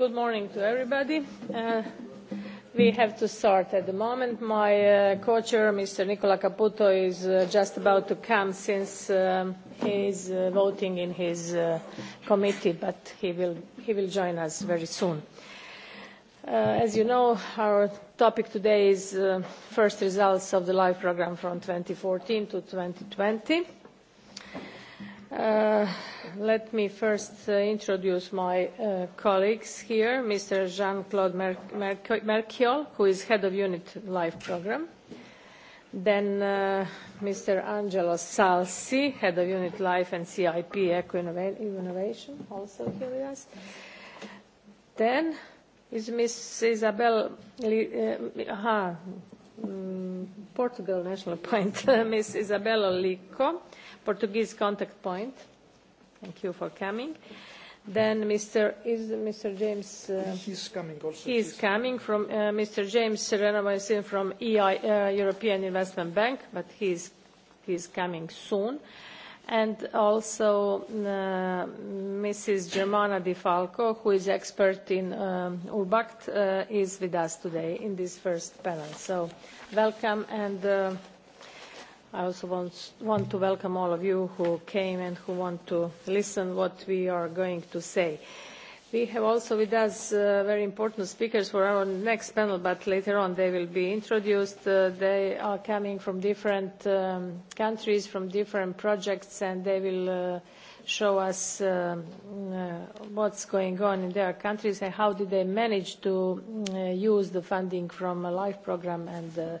Good morning to everybody. We have to start at the moment. My co-chair, Mr. Nicola Caputo, is just about to come since he is voting in his committee, but he will join us very soon. As you know, our topic today is first results of the LIFE program from 2014 to 2020 Let me first introduce my colleagues here, Mr. Jean-Claude Merkiol, who is head of Unit Life Program, then Mr. Angelo Salsi, head of Unit Life and CIP Eco-Innovation, also here with us. Then is Ms. Isabel, Portugal National Point, Ms. Isabella Lico, Portuguese contact point. Thank you for coming. Then Mr. is Mr. James. He's coming also. He's, coming from Mr. James Serena from EI European Investment Bank, but he is coming soon. And also Mrs. Germana Di Falco, who is expert in Urbact, is with us today in this first panel. So welcome and I also want to welcome all of you who came and who want to listen what we are going to say. We have also with us very important speakers for our next panel, but later on they will be introduced. They are coming from different countries, from different projects, and they will show us what's going on in their countries and how did they manage to use the funding from a LIFE program and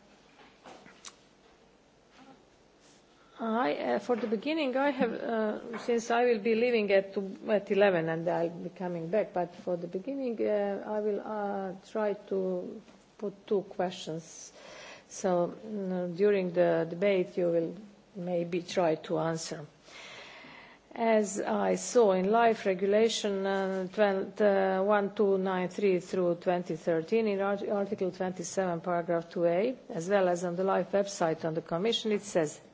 I, for the beginning, I have, since I will be leaving at, at 11 and I'll be coming back, but for the beginning, I will try to put two questions. So during the debate, you will maybe try to answer. As I saw in Life Regulation 1293 through 2013 in Article 27, Paragraph 2A, as well as on the Life website on the Commission, it says,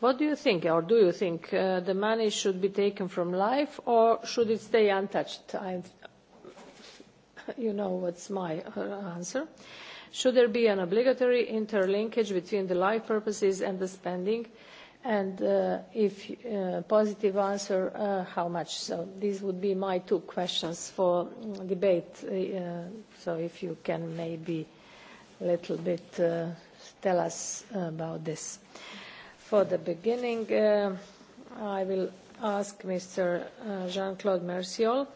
What do you think, or do you think the money should be taken from life, or should it stay untouched? You know what's my answer. Should there be an obligatory interlinkage between the life purposes and the spending? And if positive answer, how much? So these would be my two questions for debate. So if you can maybe a little bit tell us about this. For the beginning, I will ask Mr. Jean-Claude Merciol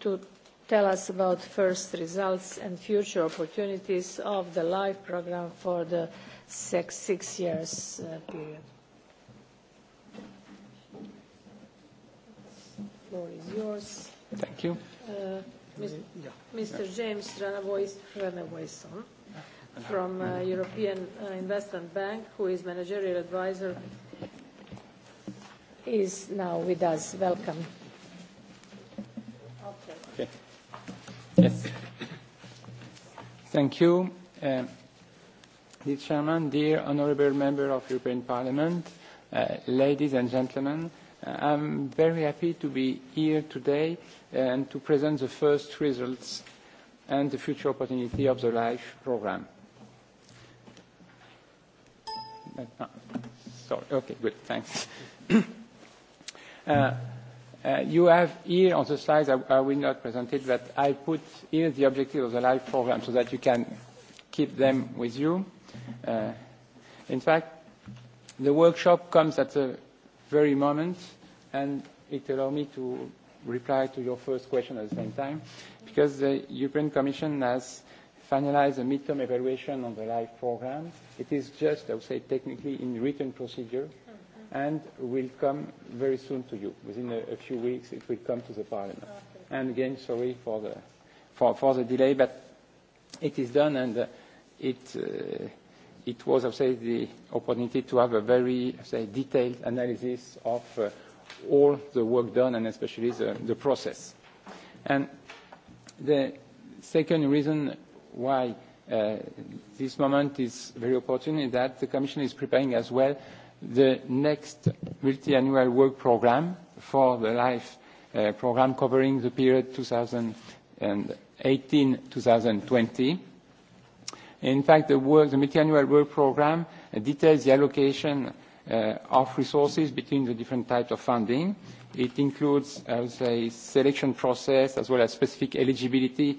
to tell us about first results and future opportunities of the LIFE program for the six years period. The floor is yours. Thank you. Mr. James Ranavoyson from European Investment Bank, who is managerial advisor, is now with us. Welcome. Okay. Yes. Thank you. Dear Chairman, dear honourable member of European Parliament, ladies and gentlemen, I'm very happy to be here today and to present the first results and the future opportunity of the LIFE programme. Sorry. Okay, good. Thanks. You have here on the slides, I will not present it, but I put here the objective of the live program so that you can keep them with you. In fact, the workshop comes at the very moment, and it allows me to reply to your first question at the same time, because the European Commission has finalize a midterm evaluation on the live program. It is just, I would say, technically in written procedure and will come very soon to you. Within a, few weeks, it will come to the Parliament. And again, sorry for the, for, for the delay, but it is done and it, uh, it was, I would say, the opportunity to have a very, say, detailed analysis of uh, all the work done and especially the, the process. And the second reason why this moment is very opportune is that the Commission is preparing as well the next multi-annual work program for the LIFE program covering the period 2018-2020. In fact, the multi-annual work program details the allocation of resources between the different types of funding. It includes, I would say, selection process as well as specific eligibility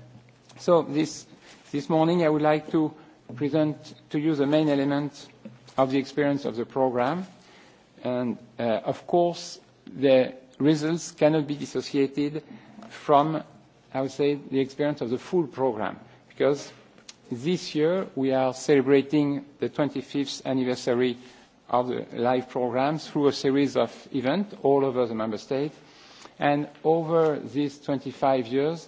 So this this morning I would like to present to you the main elements of the experience of the program. And of course the results cannot be dissociated from I would say the experience of the full program because this year we are celebrating the 25th anniversary of the live program through a series of events all over the member states. and over these 25 years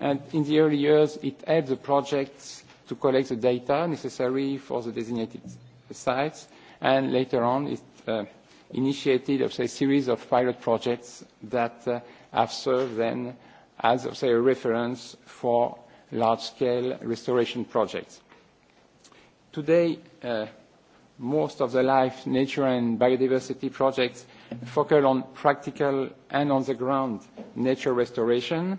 and in the early years it helped the projects to collect the data necessary for the designated sites and later on it initiated a series of pilot projects that have served then as a reference for large-scale restoration projects. Today, most of the life, nature and biodiversity projects focus on practical and on-the-ground nature restoration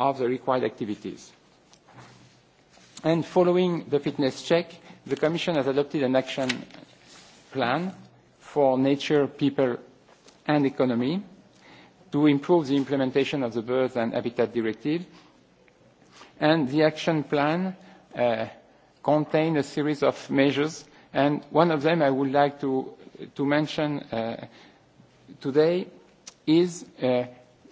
of the required activities. And following the fitness check, the Commission has adopted an action plan for nature, people and economy to improve the implementation of the birth and Habitat Directive. And the action plan contains a series of measures, and one of them I would like to mention today is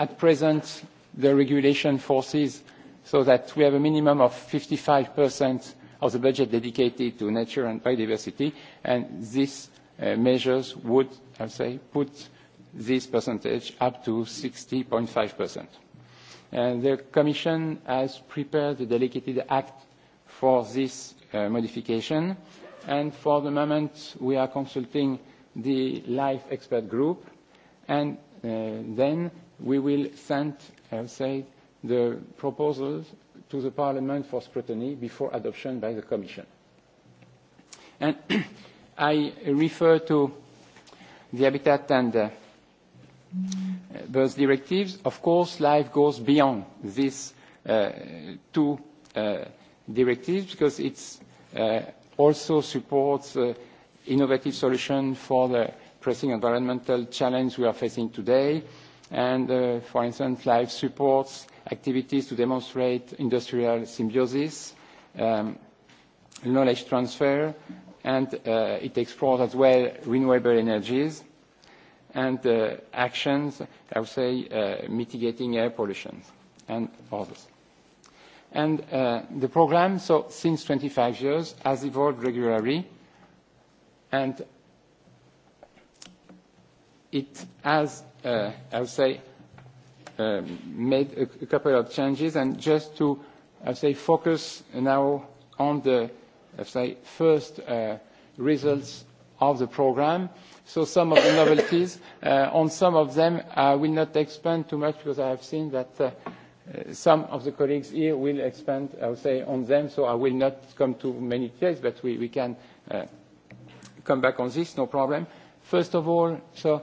At present, the regulation forces so that we have a minimum of 55% of the budget dedicated to nature and biodiversity, and these measures would, I say, put this percentage up to 60.5%. The Commission has prepared a delegated act for this modification, and for the moment we are consulting the LIFE expert group, and then we will send, say, the proposals to the Parliament for scrutiny before adoption by the Commission. And I refer to the Habitat and Birds directives. Of course, life goes beyond these two directives because it also supports innovative solutions for the pressing environmental challenge we are facing today. And, for instance, LIFE supports activities to demonstrate industrial symbiosis, knowledge transfer, and it explores as well renewable energies and actions, I would say, mitigating air pollution and others. And the program, so since 25 years, has evolved regularly, and it has, I would say, made a couple of changes, and just to, I say, focus now on the, I say, first results of the program. So some of the novelties, on some of them, I will not expand too much because I have seen that some of the colleagues here will expand, I would say, on them, so I will not come to many details, but we can come back on this, no problem. First of all, so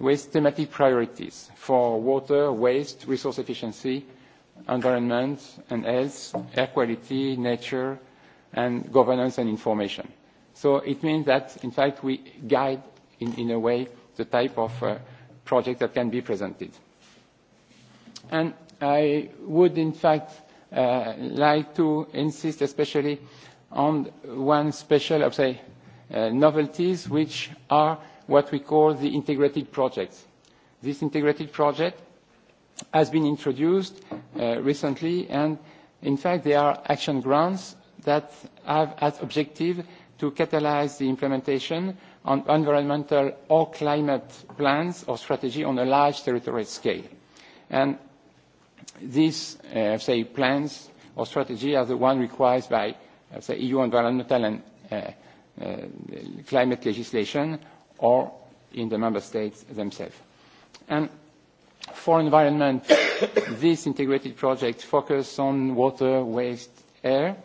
with thematic priorities for water, waste, resource efficiency, environment and health, air quality, nature, and governance and information. So it means that, in fact, we guide, in a way, the type of project that can be presented. And I would, in fact, like to insist especially on one special, I would say, novelties which are what we call the integrated projects. This integrated project has been introduced recently, and in fact, there are action grants that have as objective to catalyze the implementation on environmental or climate plans or strategy on a large territorial scale. And these, say, plans or strategy are the one required by, say, EU environmental and climate legislation or in the member states themselves. And for environment, this integrated project focuses on water, waste, air,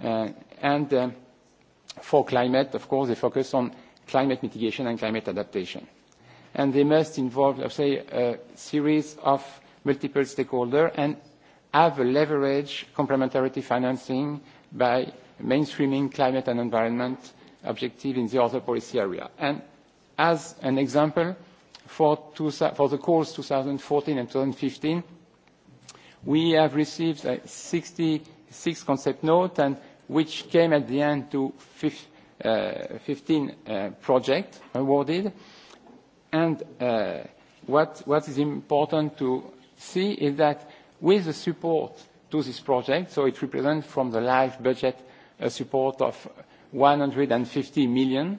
and for climate, of course, they focus on climate mitigation and climate adaptation. And they must involve, let's say, a series of multiple stakeholders and have a leverage complementarity financing by mainstreaming climate and environment objective in the other policy area. And As an example, for the calls 2014 and 2015, we have received 66 concept notes, which came at the end to 15 projects awarded. And what is important to see is that with the support to this project, so it represents from the LIFE budget a support of 150 million,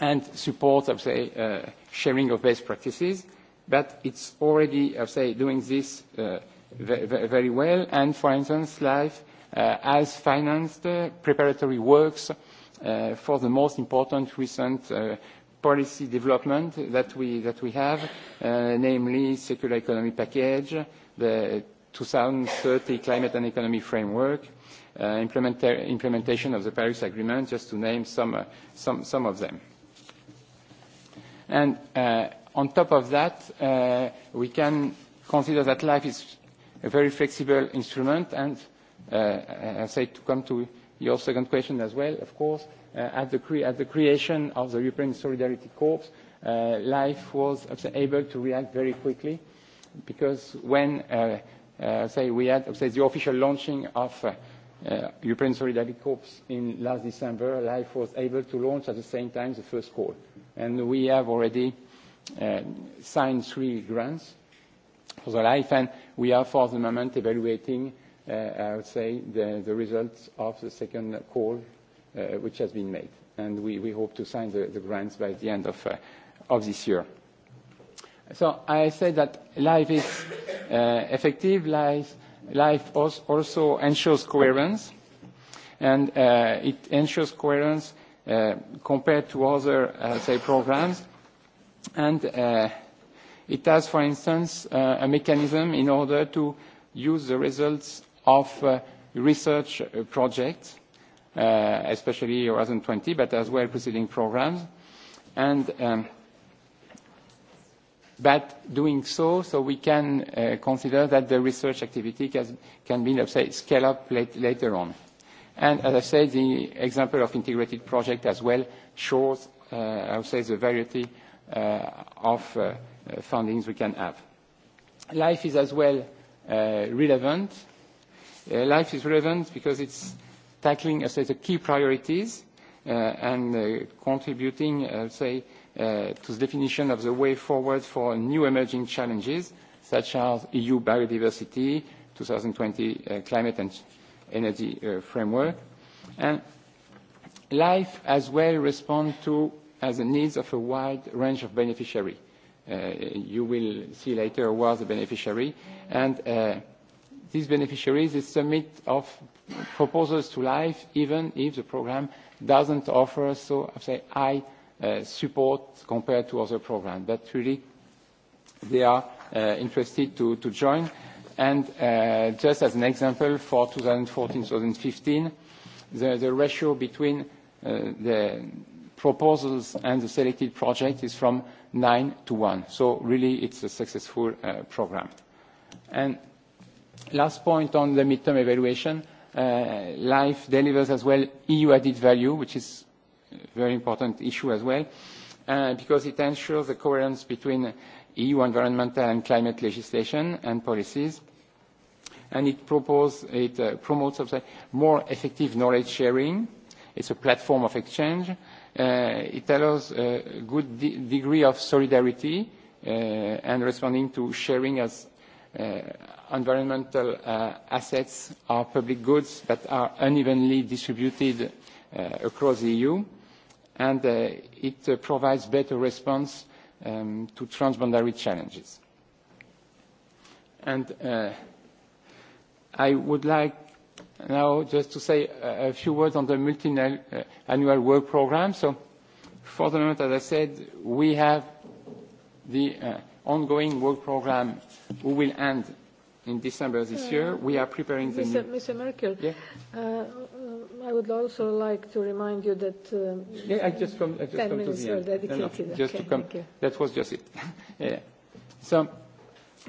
and support, I would say, sharing of best practices. But it's already, I say, doing this very well. And, for instance, LIFE has financed preparatory works for the most important recent policy development that we that we have, namely Secular Economy Package, the 2030 Climate and Economy Framework, implementation of the Paris Agreement, just to name some some of them. And on top of that, we can consider that life is a very flexible instrument. And I say to come to your second question as well, of course, at the creation of the European Solidarity Corps, life was able to react very quickly because when say we had the official launching of European Solidarity Corps in last December, life was able to launch at the same time the first call and we have already signed three grants for the life, and we are for the moment evaluating, I would say, the results of the second call which has been made. And we hope to sign the grants by the end of this year. So I said that life is effective. Life also ensures coherence, and it ensures coherence compared to other, say, programs. And it has, for instance, a mechanism in order to use the results of research projects, especially Horizon 20, but as well preceding programs. but doing so, so we can consider that the research activity can be, let's say, scale up later on. And as I said, the example of integrated project as well shows, I would say, the variety of fundings we can have. Life is as well relevant. Life is relevant because it's tackling, I say, the key priorities and contributing, I would say, to the definition of the way forward for new emerging challenges such as EU biodiversity, 2020 climate and energy framework. And life as well responds to as the needs of a wide range of beneficiaries. You will see later who are the beneficiary. And these beneficiaries submit of proposals to life even if the program doesn't offer so say high support compared to other programs. But really they are interested to join And just as an example, for 2014-2015, the ratio between the proposals and the selected project is from 9 to 1. So really, it's a successful program. And last point on the midterm evaluation, LIFE delivers as well EU added value, which is a very important issue as well, because it ensures the coherence between EU environmental and climate legislation and policies, and it promotes more effective knowledge sharing. It's a platform of exchange. It allows a good degree of solidarity and responding to sharing as environmental assets are public goods that are unevenly distributed across the EU, and it provides better response to transboundary challenges. And I would like now just to say a few words on the multi-annual work program. So for the moment, as I said, we have the ongoing work program who will end in December this year. We are preparing the... Mr. Merkel, I would also like to remind you that. Yeah, I just come. I just to come. That was just it. So,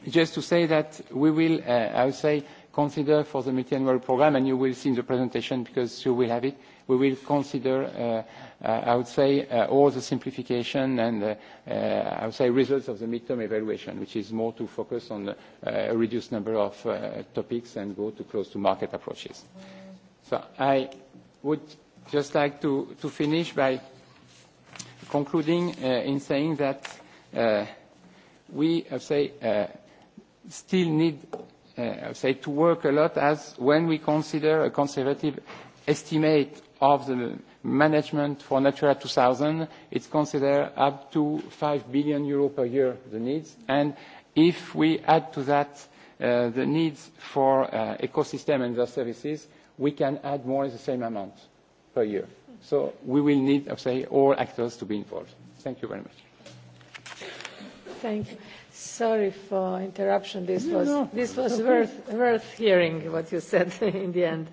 just to say that we will, I would say, consider for the multi-annual program, and you will see in the presentation because you will have it. We will consider, I would say, all the simplification and, I would say, results of the midterm evaluation, which is more to focus on a reduced number of topics and go to close-to-market approaches. So I would just like to finish by concluding in saying that we say still need say to work a lot as when we consider a conservative estimate of the management for Natura 2000 it's considered up to 5 billion euro per year the needs and if we add to that the needs for ecosystem and their services we can add more or the same amount per year. So we will need, I say, all actors to be involved. Thank you very much. Thank you. Sorry for interruption. This was this was worth worth hearing what you said in the end.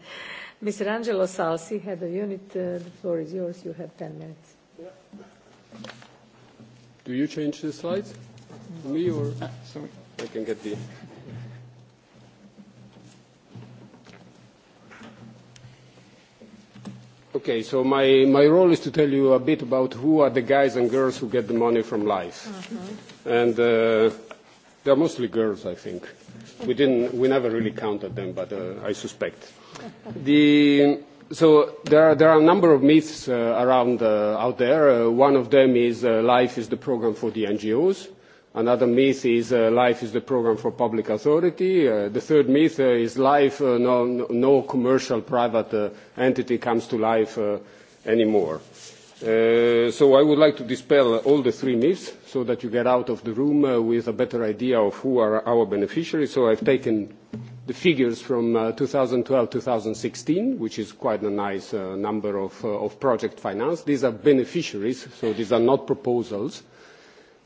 Mr. Angelo Salsi, head of unit. The floor is yours. You have 10 minutes. Do you change the slides? Me or? Sorry. I can get the. Okay, so my, my role is to tell you a bit about who are the guys and girls who get the money from life. And uh, they're mostly girls, I think. We, didn't, we never really counted them, but uh, I suspect. The, so there are, there are a number of myths around out there. one of them is uh, life is the program for the NGOs. Another myth is life is the program for public authority. The third myth is life, no commercial private entity comes to life anymore. So I would like to dispel all the three myths so that you get out of the room with a better idea of who are our beneficiaries. So I've taken the figures from 2012-2016, which is quite a nice number of project finance. These are beneficiaries, so these are not proposals.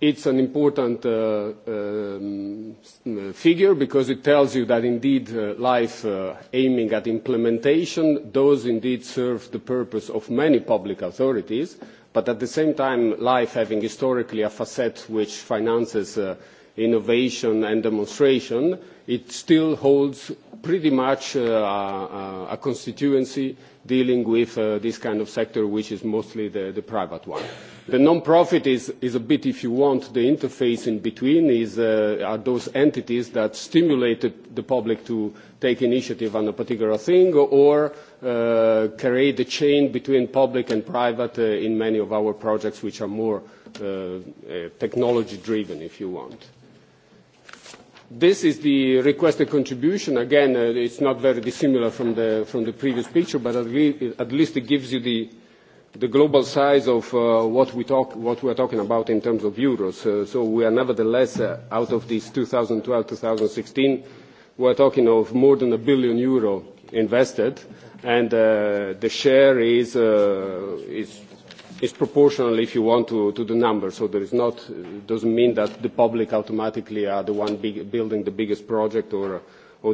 It's an important figure because it tells you that indeed life aiming at implementation does indeed serve the purpose of many public authorities, but at the same time life having historically a facet which finances innovation and demonstration, it still holds pretty much a constituency dealing with this kind of sector, which is mostly the private one. The non-profit is a bit, if you want, the interface in between are those entities that stimulated the public to take initiative on a particular thing or create a chain between public and private in many of our projects, which are more technology-driven, if you want. This is the requested contribution. Again, it's not very dissimilar from the from the previous picture, but at least it gives you the the global size of what we talk what we are talking about in terms of euros. So we are nevertheless out of this 2012-2016, we are talking of more than a billion euro invested, and the share is is is proportional if you want to the numbers, so there is not doesn't mean that the public automatically are the one building the biggest project or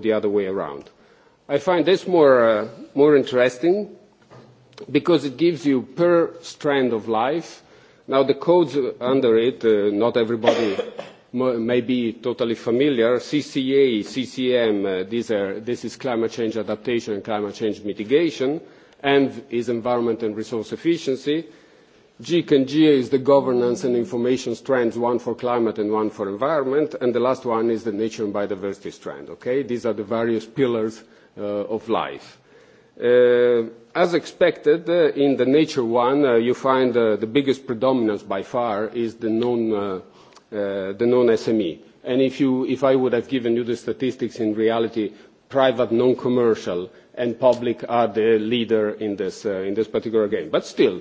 the other way around i find this more more interesting because it gives you per strand of life now the codes under it not everybody may be totally familiar cca ccm these are this is climate change adaptation and climate change mitigation and is environment and resource efficiency G and GA is the governance and information strands, one for climate and one for environment, and the last one is the nature and biodiversity strand. Okay, these are the various pillars of life. As expected, in the nature one, you find the biggest predominance by far is the non-SME. And if you, if I would have given you the statistics, in reality, private non-commercial and public are the leader in this in this particular game. But still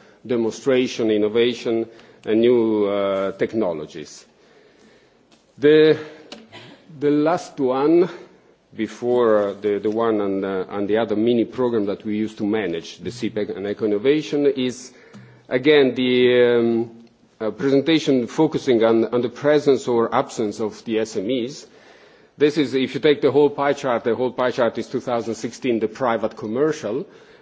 demonstration, innovation and new technologies. The last one, before the one and the other mini program that we use to manage the CPEC and eco-innovation, is again the presentation focusing on the presence or absence of the SMEs. This is, if you take the whole pie chart, the whole pie chart is 2016, the private commercial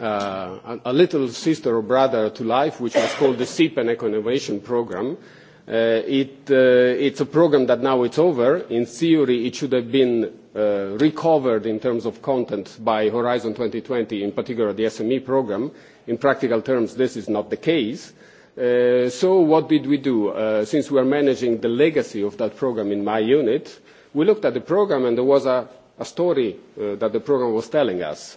a little sister or brother to life which was called the SIP and Eco Innovation Programme. It it's a program that now it's over. In theory it should have been recovered in terms of content by Horizon 2020, in particular the SME program In practical terms this is not the case. So what did we do? Since we are managing the legacy of that program in my unit, we looked at the program and there was a story that the program was telling us.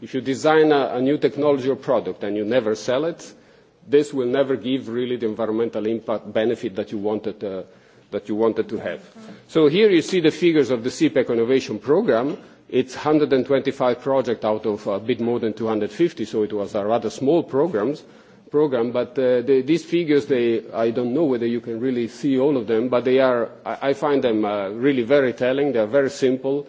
If you design a new technology or product and you never sell it, this will never give really the environmental impact benefit that you wanted to have. So here you see the figures of the CPEC Innovation Programme. It's 125 projects out of a bit more than 250, so it was a rather small program. But these figures, I don't know whether you can really see all of them, but they are, I find them really very telling. They are very simple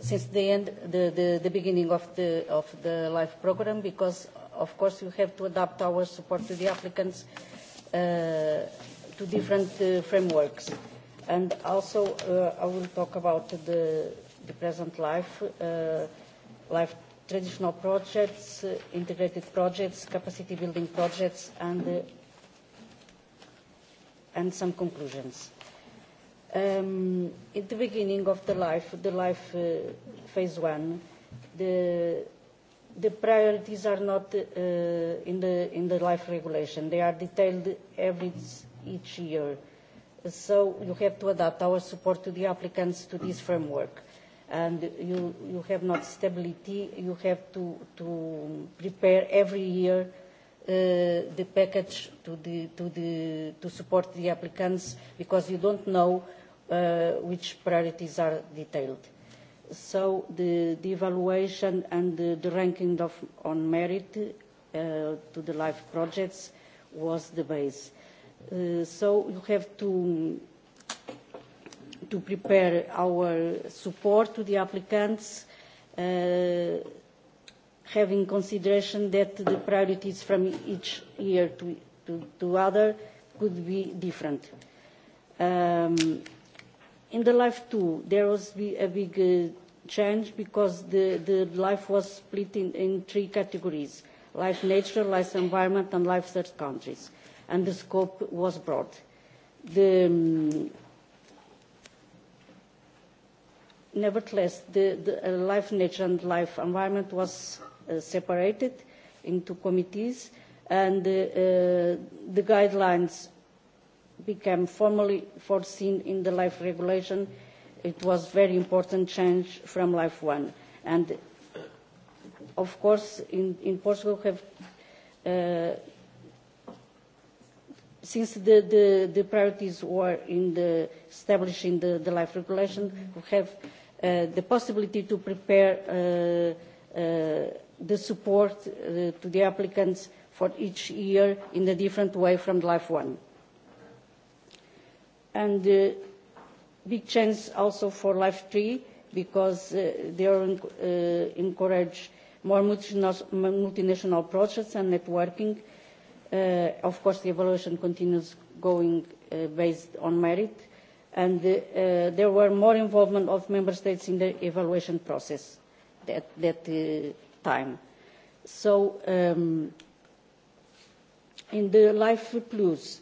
since the end the the beginning of the of the life program because of course we have to adapt our support to the applicants to different frameworks and also I will talk about the the present life life traditional projects integrated projects capacity building projects and and some conclusions At the beginning of the life, the life phase one, the the priorities are not in the in the life regulation. They are detailed every each year. So you have to adapt our support to the applicants to this framework. And you you have not stability. You have to to prepare every year the package to the to the to support the applicants because you don't know which priorities are detailed. So the evaluation and the ranking on merit to the life projects was the base. So you have to to prepare our support to the applicants, having consideration that the priorities from each year to other could be different. In the life too, there was a big change because the the life was split in three categories: life nature, life environment and life third countries, and the scope was broad. The nevertheless, the life nature and life environment was separated into committees, and the guidelines became formally foreseen in the life regulation. It was a very important change from life one. And of course, in, in Portugal, have, since the, the, priorities were in the establishing the, the life regulation, we have the possibility to prepare the support to the applicants for each year in a different way from life one and big chance also for life tree because they are encourage more multinational projects and networking. Of course, the evaluation continues going based on merit, and there were more involvement of member states in the evaluation process at that time. So, in the Life Plus,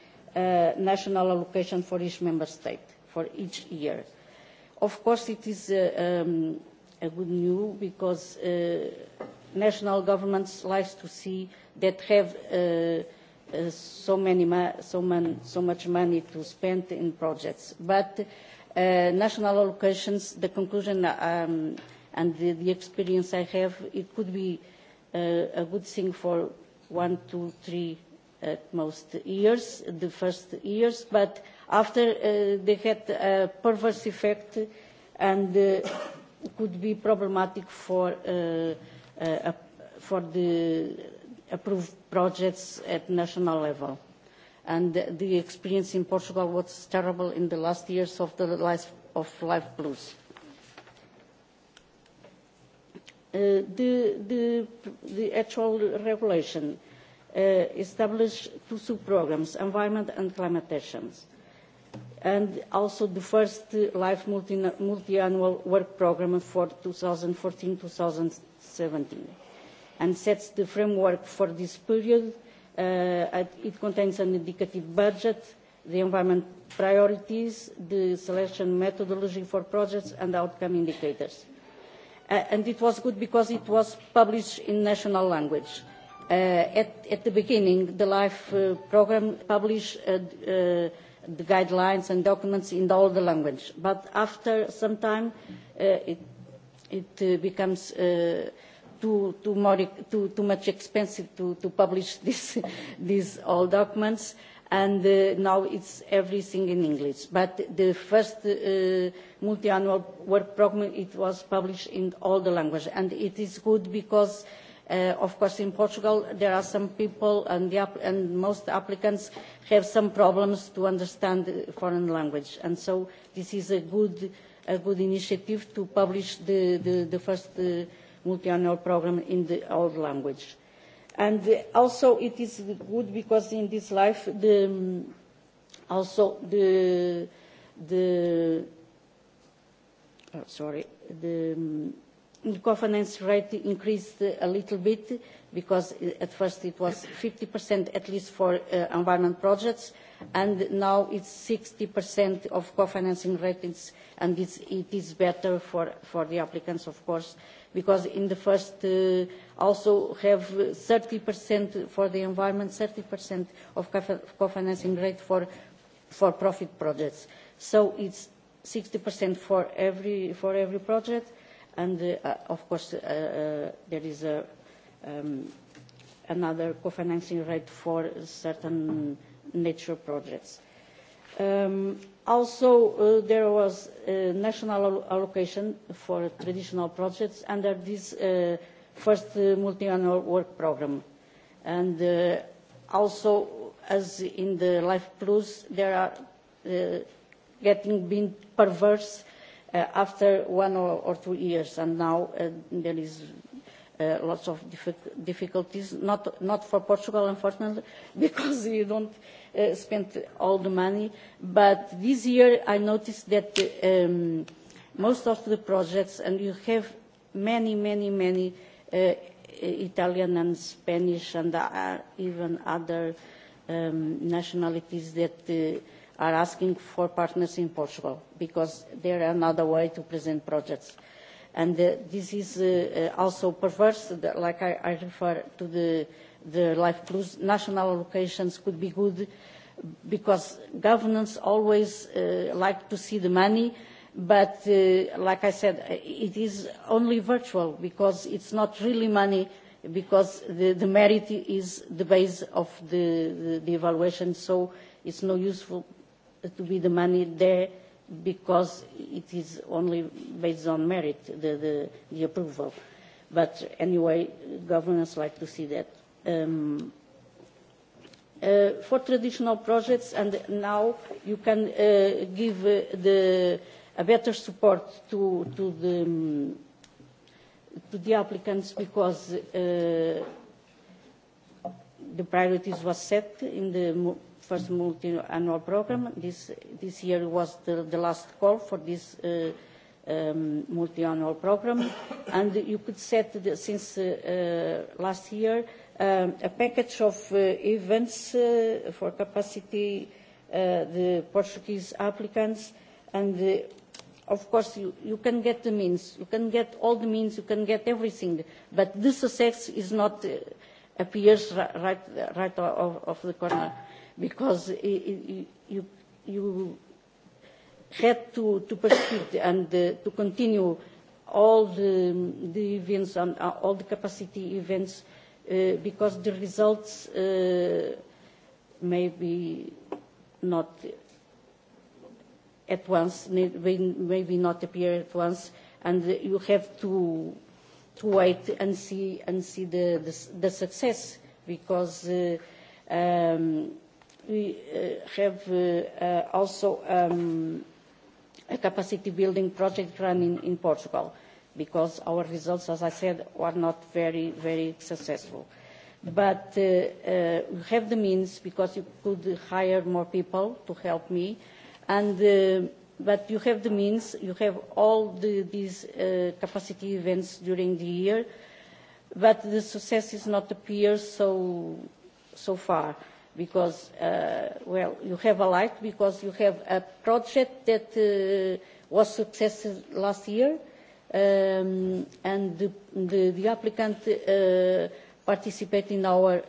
national allocation for each member state for each year. Of course, it is a good news because national governments like to see that have so many so much money to spend in projects. But national allocations, the conclusion and the experience I have, it could be a good thing for one, two, three at most years, the first years, but after they had a perverse effect and could be problematic for for the approved projects at national level. And the experience in Portugal was terrible in the last years of the life of Life Plus. The actual regulation established two sub programmes, environment and climate actions, and also the first LIFE multi-annual work programme for 2014-2017, and sets the framework for this period. It contains an indicative budget, the environment priorities, the selection methodology for projects, and outcome indicators. And it was good because it was published in national language At the beginning, the LIFE programme published the guidelines and documents in all the languages, but after some time it becomes too much expensive to publish these all documents, and now it's everything in English. But the first multi-annual work programme it was published in all the languages, and it is good because Of course, in Portugal, there are some people and most applicants have some problems to understand foreign language. And so this is a good initiative to publish the first multi-annual program in old language. And also it is good because in this life the also the the sorry the The governance rate increased a little bit because at first it was 50% at least for environment projects and now it's 60% of co-financing ratings and it is better for the applicants of course because in the first also have 30% for the environment, 30% of co-financing rate for for-profit projects. So it's 60% for every for every project and of course there is another co-financing rate for certain nature projects. Also there was national allocation for traditional projects under this first multi-annual work programme. And also as in the Life Plus there are getting being perverse after one or two years and now there is lots of difficulties not not for Portugal unfortunately because you don't spend all the money but this year I noticed that most of the projects and you have many many many Italian and Spanish and even other nationalities that are asking for partners in Portugal because they are another way to present projects. And this is also perverse, like I refer to the the Life Plus, national allocations could be good because governments always like to see the money, but like I said, it is only virtual because it's not really money because the merit is the base of the evaluation, so it's no useful to be the money there because it is only based on merit, the, the, the approval. But anyway, governments like to see that. Um, for traditional projects and now you can give the a better support to to the to the applicants because the priorities were set in the first multi-annual program. This this year was the the last call for this multi-annual program, and you could set since last year a package of events for capacity the Portuguese applicants, and of course you can get the means, you can get all the means, you can get everything, but this success is not appears right right of the corner because you you had to to and to continue all the the events and all the capacity events because the results may be not at once maybe not appear at once and you have to to wait and see and see the the success because we have also a capacity building project running in Portugal because our results, as I said, were not very, very successful. But we have the means because you could hire more people to help me. And but you have the means, you have all these capacity events during the year, but the success is not appear so so far because, well, you have a light because you have a project that was successful last year and the applicant participated in our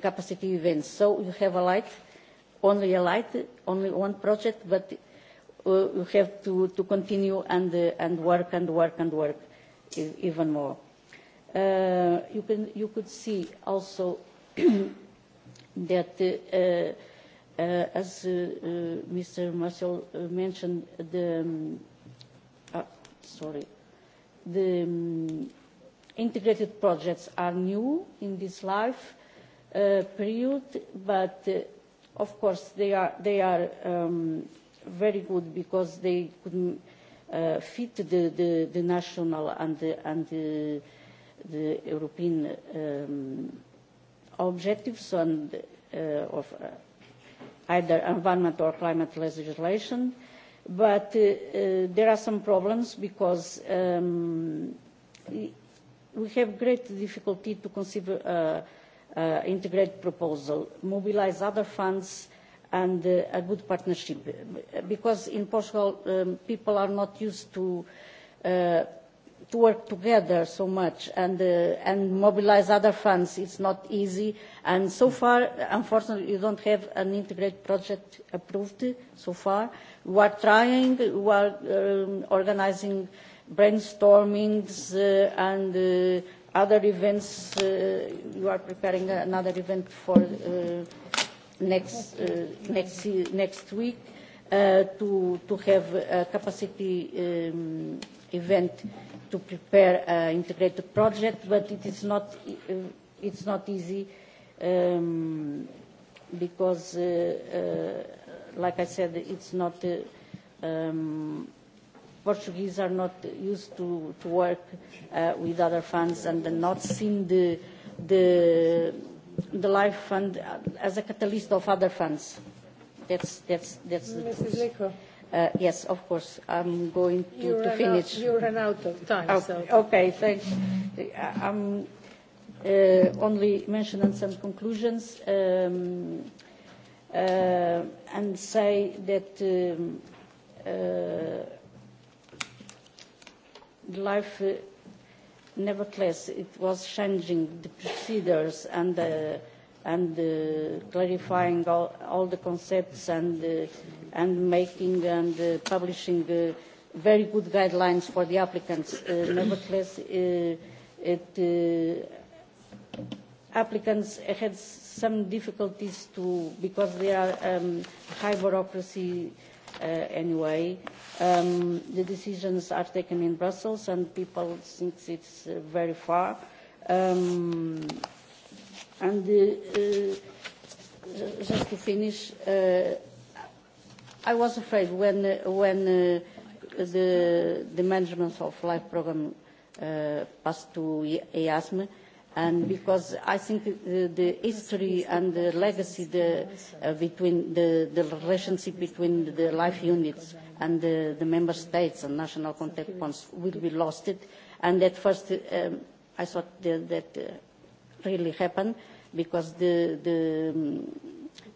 capacity events. So you have a light, only a light, only one project, but you have to continue and work and work and work even more. You could see also that as Mr. Marcel mentioned, the sorry, the integrated projects are new in this life period, but of course they are they are very good because they could fit the the national and the and the European objectives on of either environment or climate legislation, but there are some problems because we have great difficulty to conceive an integrated proposal, mobilize other funds and a good partnership, because in Portugal people are not used to to work together so much and and mobilize other funds. It's not easy. And so far, unfortunately, you don't have an integrated project approved so far. We are trying. We are organizing brainstormings and other events. You are preparing another event for next next next week to to have capacity event to prepare an integrated project, but it is not it's not easy because, like I said, it's not Portuguese are not used to to work with other funds and not seen the the the life fund as a catalyst of other funds. That's that's that's. Yes, of course, I'm going to finish. You ran out of time, so. Okay, thanks. I'm only mentioning some conclusions and say that life, nevertheless, it was changing the procedures and the and clarifying all the concepts and and making and publishing very good guidelines for the applicants. Nevertheless, it applicants had some difficulties to because they are high bureaucracy anyway. The decisions are taken in Brussels and people think it's very far. And just to finish, I was afraid when when the the management of life program passed to EASM, and because I think the history and the legacy between the the relationship between the life units and the the member states and national contact points will be lost. And at first I thought that really happened because the the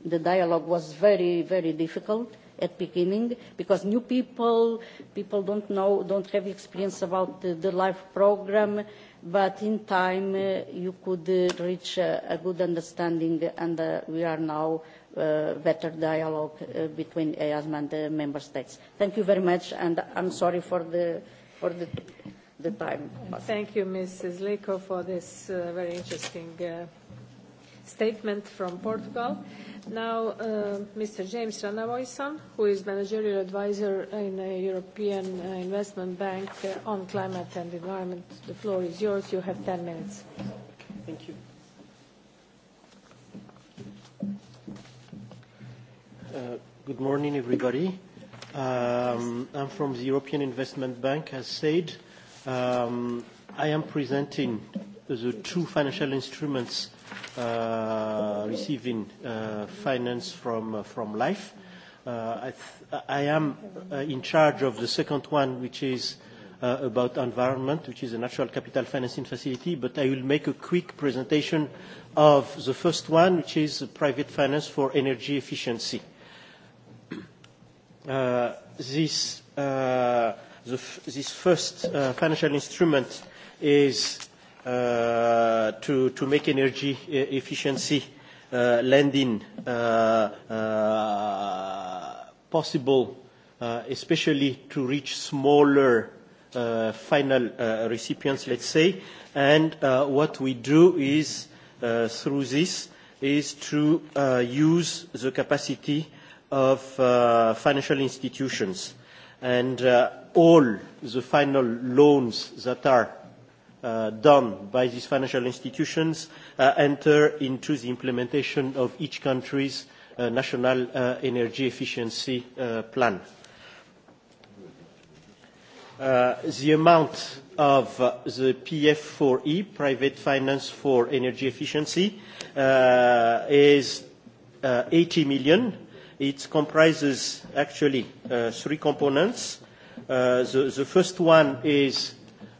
the dialogue was very very difficult at beginning because new people people don't know don't have experience about the life program but in time you could reach a good understanding and we are now better dialogue between EASM and the member states thank you very much and i'm sorry for the for the the time thank you mrs Leko for this very interesting statement from Portugal. Now, Mr. James Ranavoisan, who is managerial advisor in the European Investment Bank on climate and environment. The floor is yours. You have 10 minutes. Thank you. Good morning, everybody. I'm from the European Investment Bank, as said. I am presenting the two financial instruments receiving finance from life. I am in charge of the second one, which is about environment, which is a natural capital financing facility, but I will make a quick presentation of the first one, which is private finance for energy efficiency. This first financial instrument is to make energy efficiency lending possible, especially to reach smaller final recipients, let's say. And what we do is, through this, is to use the capacity of financial institutions. And all the final loans that are done by these financial institutions enter into the implementation of each country's national energy efficiency plan. The amount of the PF4E, Private Finance for Energy Efficiency, is 80 million. It comprises actually three components. The first one is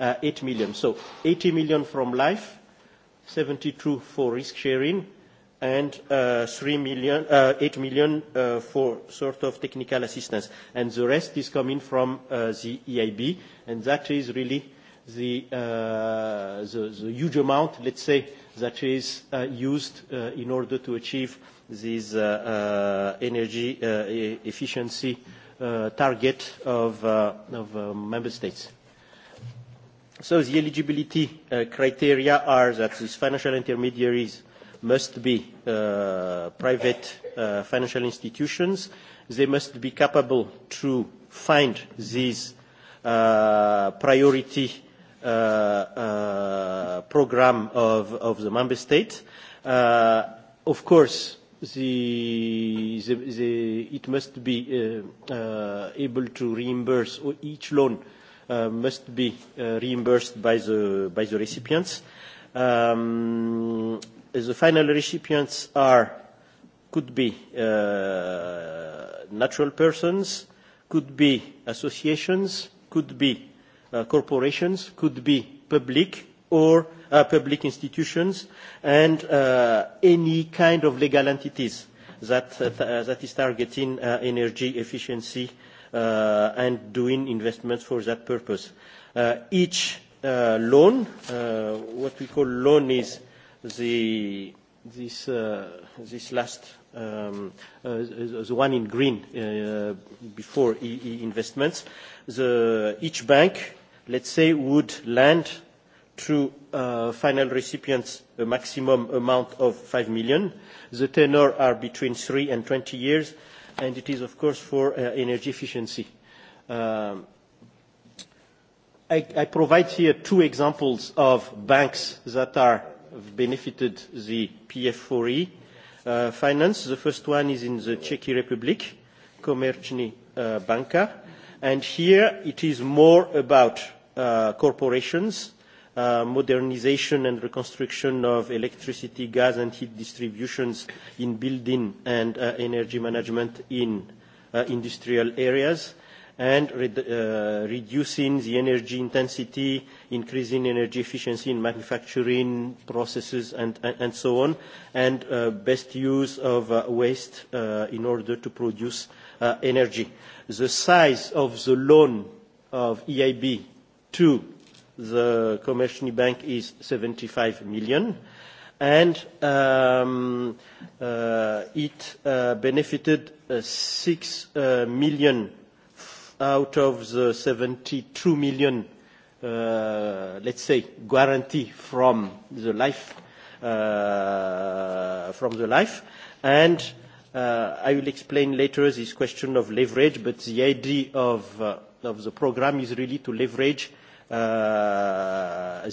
8 million. So 80 million from life, 72 for risk sharing, and 3 million, 8 million for sort of technical assistance. And the rest is coming from the EIB, and that is really the huge amount, let's say, that is used in order to achieve this energy efficiency target of member states. So the eligibility criteria are that these financial intermediaries must be private financial institutions. They must be capable to find these priority program of the member state. Of course, it must be able to reimburse each loan must be reimbursed by the by the recipients. The final recipients are could be natural persons, could be associations, could be corporations, could be public or public institutions and any kind of legal entities that that is targeting energy efficiency and doing investments for that purpose. Each loan, what we call loan is the this this last the one in green before investments, the each bank, let's say, would lend to final recipients a maximum amount of 5 million. The tenor are between 3 and 20 years and it is, of course, for energy efficiency. I provide here two examples of banks that are benefited the PF4E finance. The first one is in the Czech Republic, Komerční banka, and here it is more about corporations modernization and reconstruction of electricity, gas and heat distributions in building and energy management in industrial areas, and reducing the energy intensity, increasing energy efficiency in manufacturing processes and so on, and best use of waste in order to produce energy. The size of the loan of EIB to the commercial bank is 75 million and it benefited 6 million out of the 72 million, let's say, guarantee from the life, from the life. And I will explain later this question of leverage, but the idea of the program is really to leverage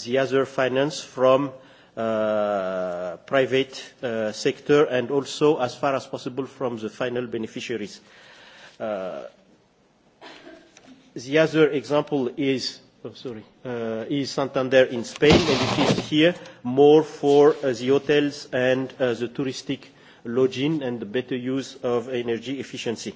the other finance from private sector and also as far as possible from the final beneficiaries. The other example is sorry is Santander in Spain and it is here more for the hotels and the touristic lodging and the better use of energy efficiency.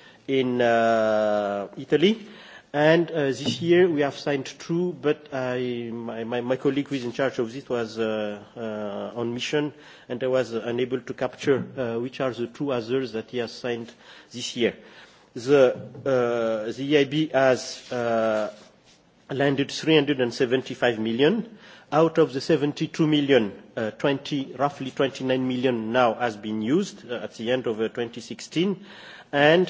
in Italy. And this year we have signed two, but my colleague who is in charge of this was on mission and I was unable to capture which are the two others that he has signed this year. The EIB has landed 375 million. Out of the 72 million, roughly 29 million now has been used at the end of 2016. And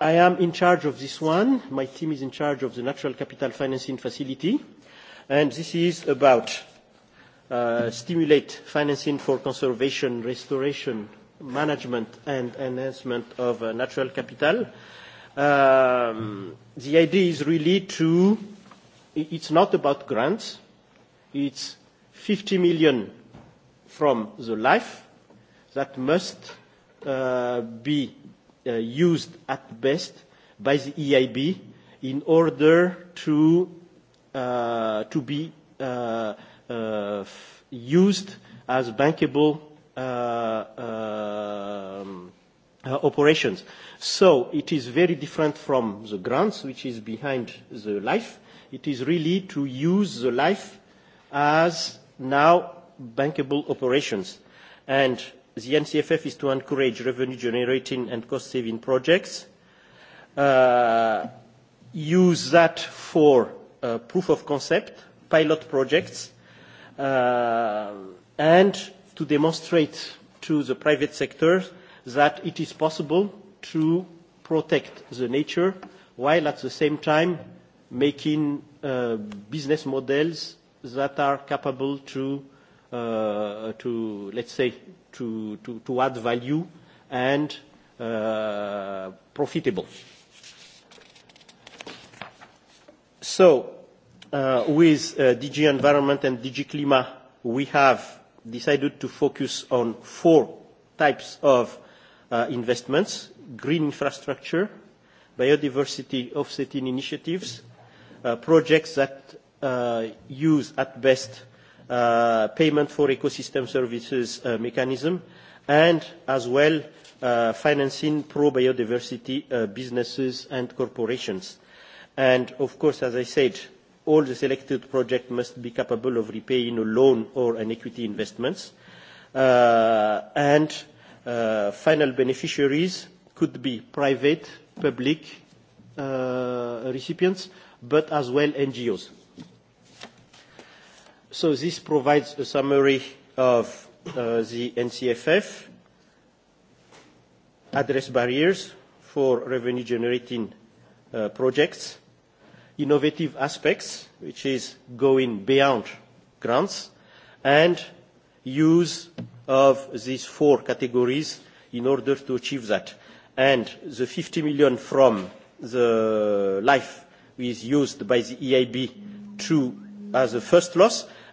I am in charge of this one. My team is in charge of the Natural Capital Financing Facility. And this is about stimulate financing for conservation, restoration, management and enhancement of natural capital. The idea is really to, it's not about grants. It's 50 million from the life that must be used at best by the EIB in order to to be used as bankable operations. So it is very different from the grants, which is behind the life. It is really to use the life as now bankable operations. And the NCFF is to encourage revenue-generating and cost-saving projects, use that for proof of concept, pilot projects, and to demonstrate to the private sector that it is possible to protect the nature while at the same time making business models that are capable to to, let's say, to, to, to add value and profitable. So, with DG Environment and DG Clima, we have decided to focus on four types of investments, green infrastructure, biodiversity offsetting initiatives, projects that use at best payment for ecosystem services mechanism, and as well financing pro-biodiversity businesses and corporations. And, of course, as I said, all the selected projects must be capable of repaying a loan or an equity investments. And final beneficiaries could be private, public recipients, but as well NGOs. So this provides a summary of the NCFF, address barriers for revenue-generating projects, innovative aspects, which is going beyond grants, and use of these four categories in order to achieve that. And the 50 million from the life is used by the EIB to as a first loss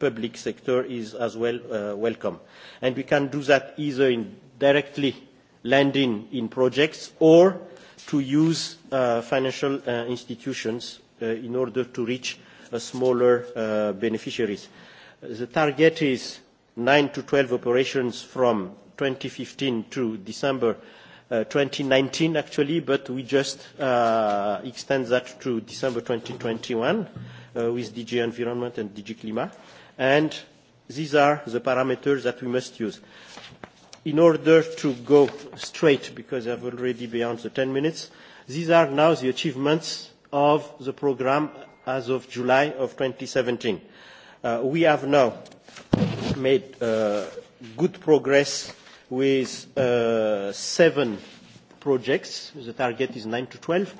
public sector is as well welcome. And we can do that either in directly lending in projects or to use financial institutions in order to reach smaller beneficiaries. The target is 9 to 12 operations from 2015 to December 2019 actually, but we just extend that to December 2021 with DG Environment and DG Climat and these are the parameters that we must use. In order to go straight, because I've already beyond the 10 minutes, these are now the achievements of the programme as of July of 2017. We have now made good progress with seven projects. The target is 9 to 12.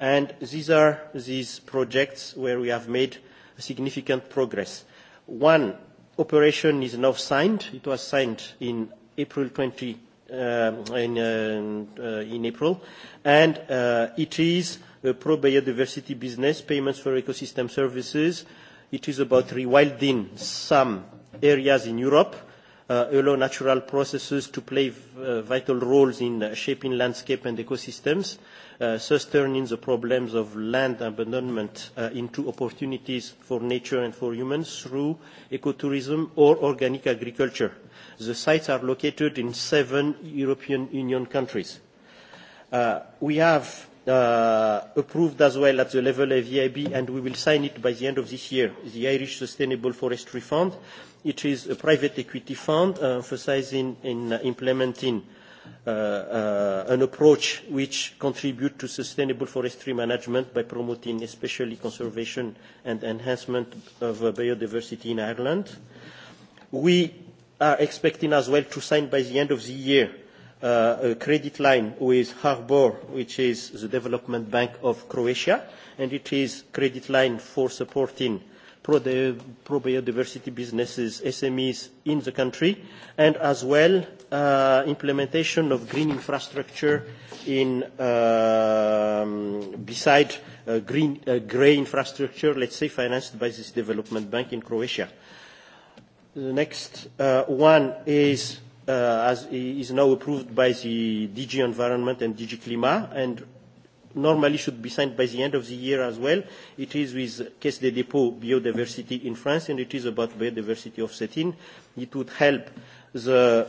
And these are these projects where we have made significant progress. One operation is now signed. It was signed in April 20 in April, and it is a pro-biodiversity business, payments for ecosystem services. It is about rewilding some areas in Europe allow natural processes to play vital roles in shaping landscape and ecosystems, thus turning the problems of land abandonment into opportunities for nature and for humans through ecotourism or organic agriculture. The sites are located in seven European Union countries. We have approved as well at the level of EIB, and we will sign it by the end of this year, the Irish Sustainable Forestry Fund. It is a private equity fund emphasizing in implementing an approach which contributes to sustainable forestry management by promoting especially conservation and enhancement of biodiversity in Ireland. We are expecting as well to sign by the end of the year a credit line with Harbor, which is the Development Bank of Croatia, and it is credit line for supporting pro-biodiversity businesses, SMEs in the country, and as well implementation of green infrastructure in beside green grey infrastructure, let's say, financed by this Development Bank in Croatia. The next one is as is now approved by the DG Environment and DG Climat, and normally should be signed by the end of the year as well. It is with Caisse des Dépôts Biodiversity in France, and it is about biodiversity offsetting. It would help the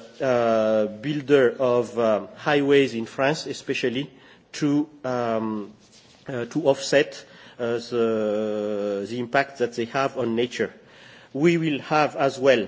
builder of highways in France, especially, to offset the impact that they have on nature. We will have as well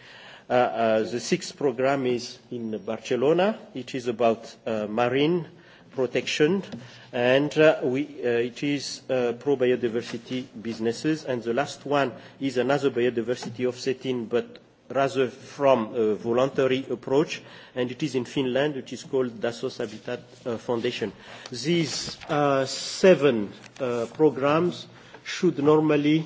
The sixth programme is in Barcelona. It is about marine protection and it is pro-biodiversity businesses. And the last one is another biodiversity offsetting but rather from a voluntary approach and it is in Finland which is called Dasos Habitat Foundation. These seven programmes should normally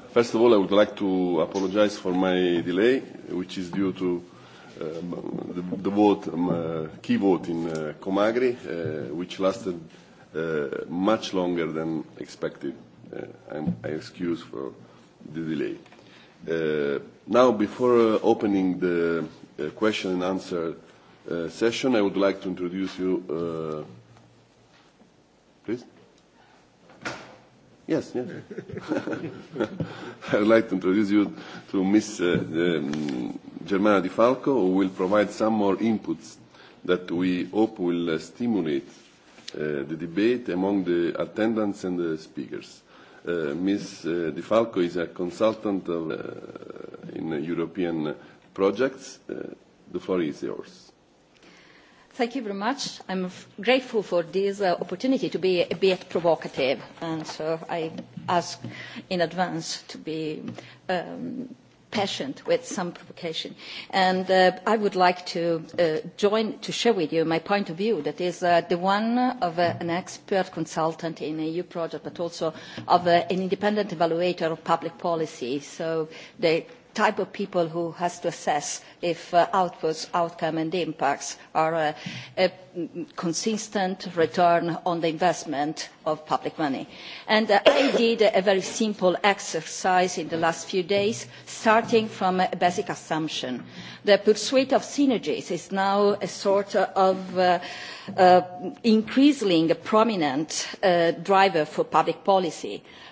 First of all, I would like to apologize for my delay, which is due to the vote, key vote in Comagri, which lasted much longer than expected. I excuse for the delay. Now, before opening the question and answer session, I would like to introduce you Yes, yes. I would like to introduce you to Ms. Germana Di Falco, who will provide some more inputs that we hope will stimulate the debate among the attendants and the speakers. Ms. Di Falco is a consultant in European projects. The floor is yours. Thank you very much. I'm grateful for this opportunity to be a bit provocative, and so I ask in advance to be patient with some provocation. And I would like to join to share with you my point of view, that is the one of an expert consultant in a EU project, but also of an independent evaluator of public policy. So the type of people who has to assess if outputs, outcomes and impacts are a consistent return on the investment of public money. And I did a very simple exercise in the last few days, starting from a basic assumption. The pursuit of synergies is now a sort of increasingly prominent driver for public policy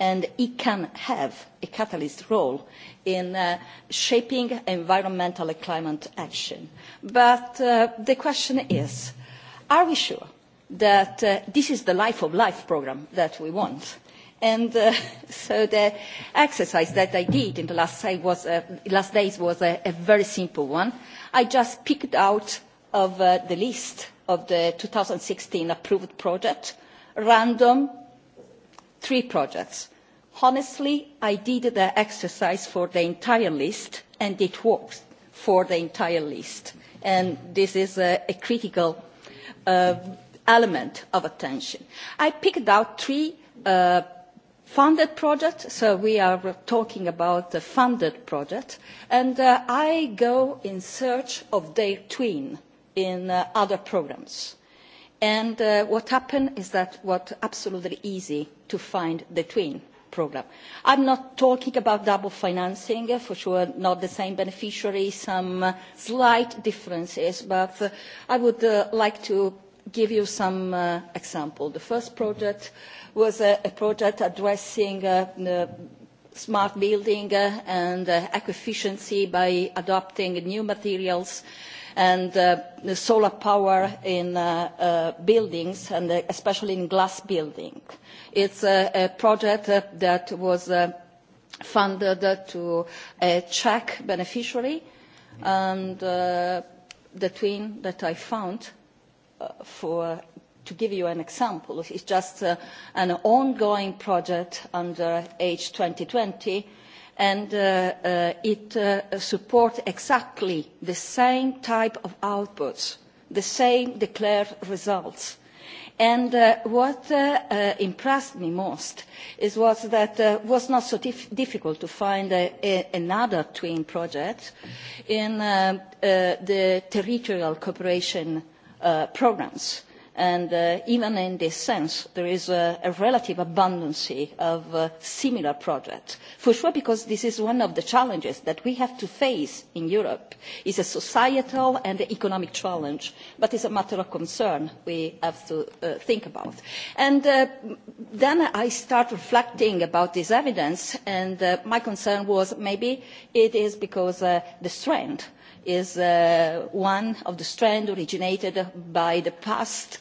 and it can have a catalyst role in shaping environmental and climate action. But the question is, are we sure that this is the Life of Life programme that we want? And so the exercise that I did in the last days was a very simple one. I just picked out of the list of the 2016 approved project random three projects. Honestly, I did the exercise for the entire list, and it works for the entire list. And this is a critical element of attention. I picked out three funded projects, so we are talking about the funded project, and I go in search of their twin in other programs. And what happened is that it was absolutely easy to find the twin programme. I'm not talking about double financing, for sure not the same beneficiary, some slight differences, but I would like to give you some examples. The first project was a project addressing smart building and eco-efficiency by adopting new materials and solar power in buildings and especially in glass buildings. It's a project that was funded to a Czech beneficiary and the twin that I found for to give you an example, is just an ongoing project under H 2020 and it supports exactly the same type of outputs, the same declared results. And what impressed me most is was that it was not so difficult to find another twin project in the territorial cooperation programmes and even in this sense there is a relative abundance of similar projects for sure because this is one of the challenges that we have to face in europe is a societal and economic challenge but is a matter of concern we have to think about and then i start reflecting about this evidence and my concern was maybe it is because the strand is one of the strands originated by the past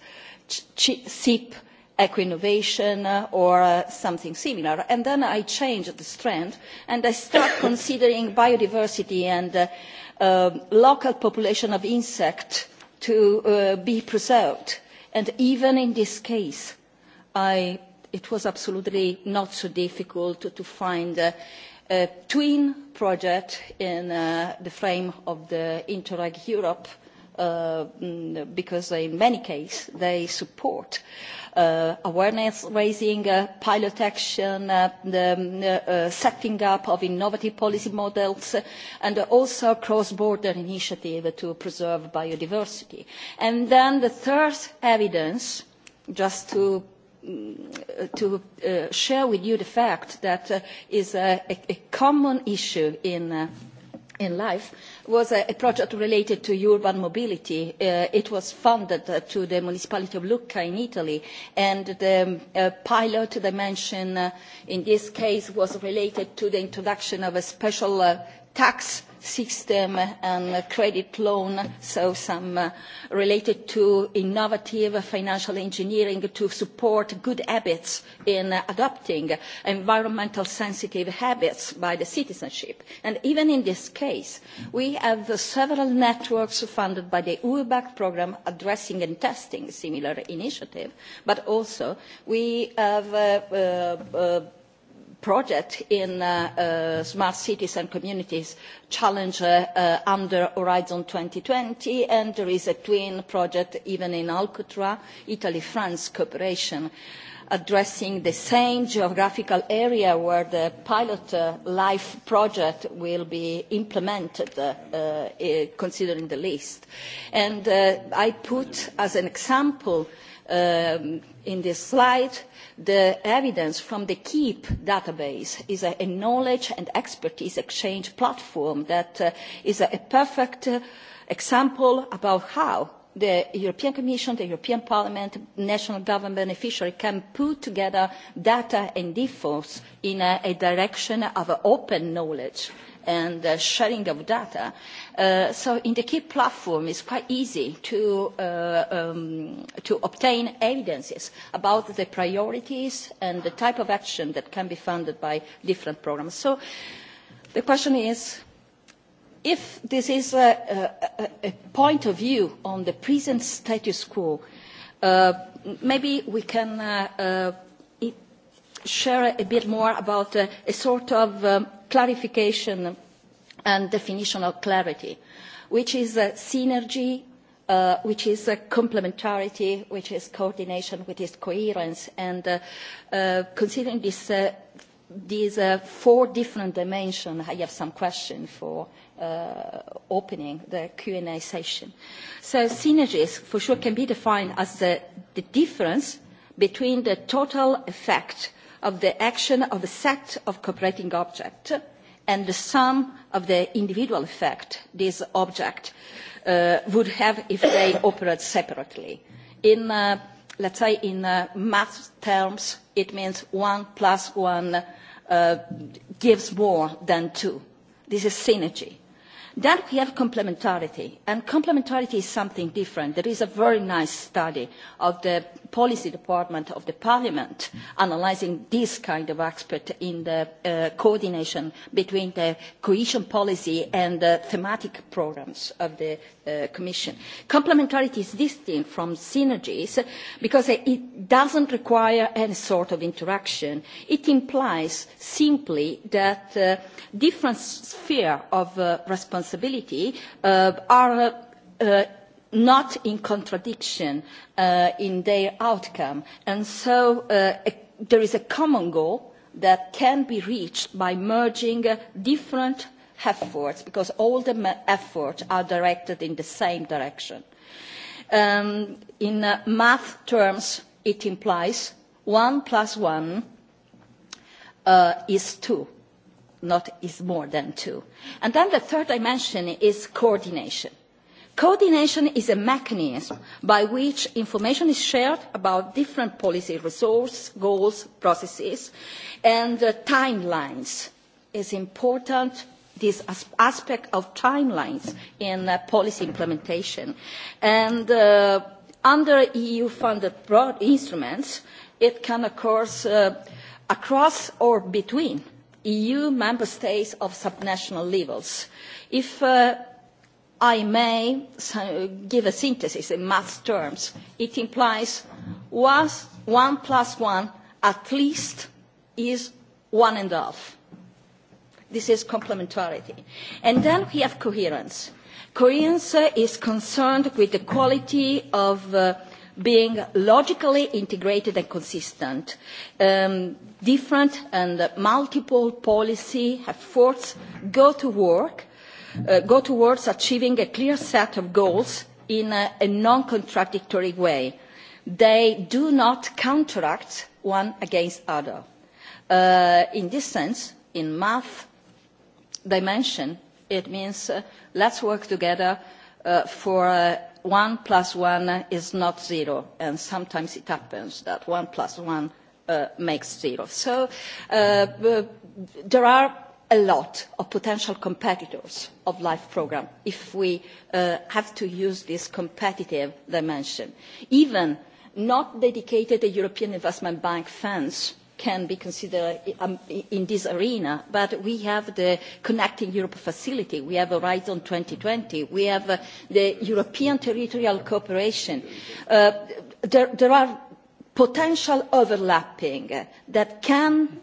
cheap equinovation or something similar. And then I changed the strand and I start considering biodiversity and local population of insects to be preserved. And even in this case, it was absolutely not so difficult to find a twin project in the frame of the Interreg Europe because in many cases they support awareness raising, pilot action, the setting up of innovative policy models and also cross-border initiative to preserve biodiversity. And then the third evidence, just to to share with you the fact that is a common issue in life was a project related to urban mobility. It was funded to the municipality of Lucca in Italy, and the pilot dimension in this case was related to the introduction of a special tax system and credit loan, so some related to innovative financial engineering to support good habits in adopting environmental sensitive habits by the citizenship. And even in this case, we have several networks funded by the UBAC programme addressing and testing similar initiative, but also we have project in smart cities and communities challenge under Horizon 2020 and there is a twin project even in Alcatraz, Italy-France cooperation addressing the same geographical area where the pilot life project will be implemented, considering the list. And I put as an example in this slide the evidence from the keep database is a knowledge and expertise exchange platform that is a perfect example about how the European Commission, the European Parliament, national government beneficiary can put together data and infos in a direction of open knowledge and sharing of data. So in the key platform, it's quite easy to obtain evidences about the priorities and the type of action that can be funded by different programmes. So the question is if this is a point of view on the present status quo, maybe we can share a bit more about a sort of clarification and definition of clarity, which is synergy, which is complementarity, which is coordination, which is coherence. And considering these four different dimensions, I have some questions for opening the Q&A session. So synergies for sure can be defined as the difference between the total effect of the action of a set of cooperating objects and the sum of the individual effect this object would have if they operate separately. In, let's say, in math terms, it means one plus one gives more than two. This is synergy Then we have complementarity, and complementarity is something different. There is a very nice study of the policy department of the Parliament analysing this kind of expert in the coordination between the cohesion policy and the thematic programmes of the Commission. Complementarity is distinct from synergies because it doesn't require any sort of interaction. It implies simply that different spheres of responsibility are not in contradiction in their outcome, and so there is a common goal that can be reached by merging different efforts because all the efforts are directed in the same direction. In math terms, it implies one plus one is two, not is more than two. And then the third dimension is coordination. Coordination is a mechanism by which information is shared about different policy resources, goals, processes, and timelines. is important this aspect of timelines in policy implementation. And under EU-funded broad instruments, it can occur across or between EU member states of subnational levels. If I may give a synthesis in math terms, it implies one plus one at least is one and a half This is complementarity. And then we have coherence. Coherence is concerned with the quality of being logically integrated and consistent. Different and multiple policy efforts go to work, go towards achieving a clear set of goals in a non-contradictory way. They do not counteract one against other. In this sense, in math, dimension, it means let's work together for one plus one is not zero, and sometimes it happens that one plus one makes zero. So there are a lot of potential competitors of life programme if we have to use this competitive dimension. Even not dedicated European Investment Bank funds can be considered in this arena, but we have the Connecting Europe facility, we have Horizon 2020, we have the European territorial cooperation. There are potential overlapping that can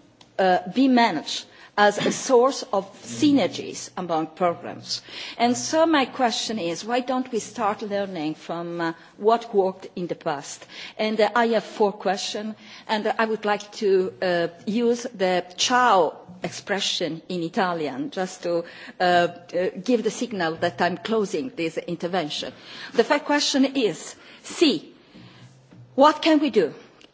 be managed as a source of synergies among programmes. And so my question is, why don't we start learning from what worked in the past? And I have four questions, and I would like to use the ciao expression in Italian, just to give the signal that I'm closing this intervention. The first question is, see, what can we do?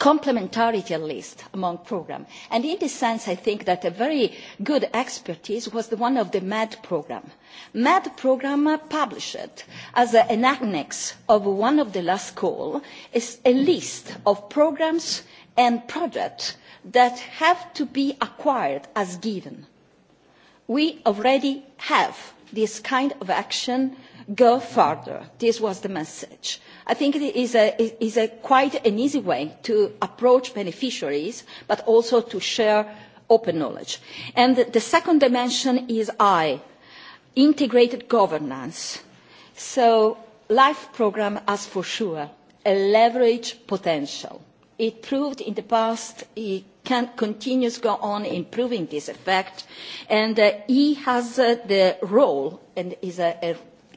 complementarity list among programmes. And in this sense, I think that a very good expertise was the one of the MED programme. MED programme published as an annex of one of the last calls is a list of programmes and projects that have to be acquired as given. We already have this kind of action go further. This was the message. I think it is quite an easy way to approach beneficiaries, but also to share open knowledge. And the second dimension is I, integrated governance. So life programme has for sure a leverage potential. It proved in the past it can continue to go on improving this effect, and E has the role and is a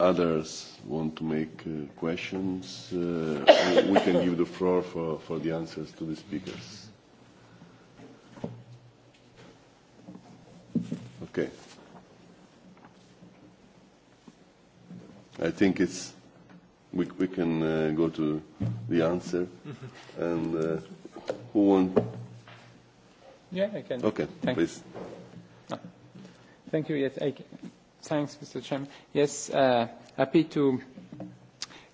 others want to make questions, we can give the floor for for the answers to the speakers. Okay. I think it's we we can go to the answer. And who wants? Yeah, I can. Okay, please. Thank you. Yes, I Thanks, Mr. Chairman. Yes, happy to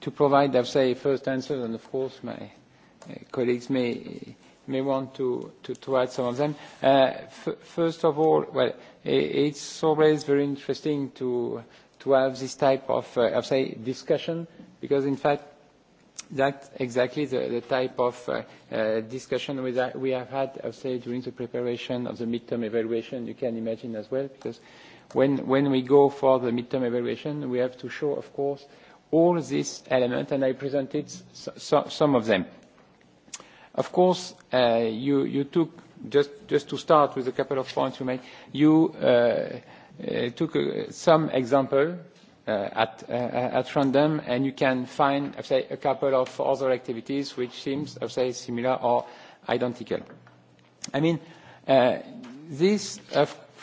to provide, I say, first answers, and of course my colleagues may may want to to to add some of them. First of all, well, it's always very interesting to to have this type of, I say, discussion, because in fact that's exactly the the type of discussion we have had, I say, during the preparation of the midterm evaluation. You can imagine as well, because When we go for the midterm evaluation, we have to show, of course, all these elements, and I presented some of them. Of course, you took, just to start with a couple of points you made, you took some example at random, and you can find, say, a couple of other activities which seems, say, similar or identical. I mean, this, of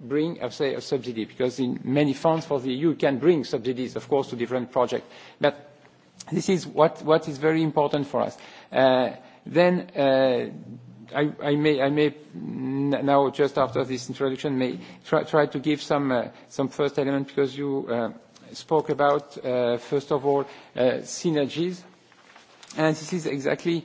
bring, I say, a subsidy, because in many funds for the EU can bring subsidies, of course, to different projects. But this is what, what is very important for us. then I, I may, I may now, just after this introduction, may try, try to give some, some first element, because you spoke about, first of all, synergies. And this is exactly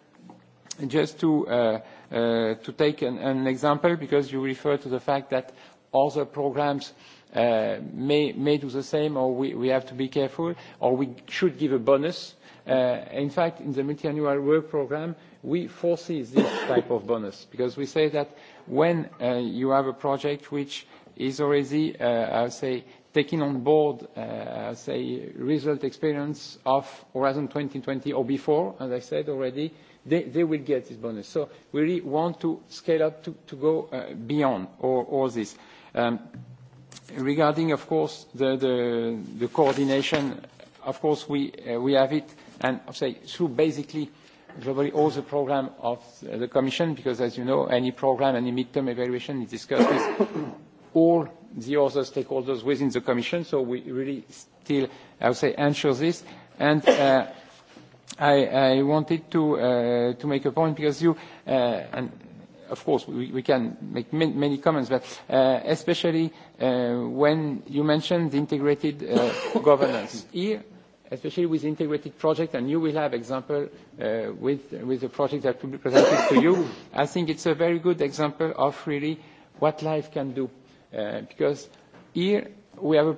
Just to to take an example, because you refer to the fact that other programs may do the same, or we have to be careful, or we should give a bonus. In fact, in the multi-annual work program, we foresee this type of bonus, because we say that when you have a project which is already, I would say, taking on board, say, result experience of Horizon 2020 or before, as I said already, they will get this bonus. So we really want to scale up to go beyond all this. Regarding, of course, the coordination, of course, we have it, and say through basically globally all the program of the Commission, because as you know, any program, any midterm evaluation is discussed with all the other stakeholders within the Commission, so we really still, I would say, ensure this. And I wanted to to make a point because you and of course we can make many comments, but especially when you mentioned the integrated governance here, especially with integrated project, and you will have example with with the project that will be presented to you. I think it's a very good example of really what life can do, because here we have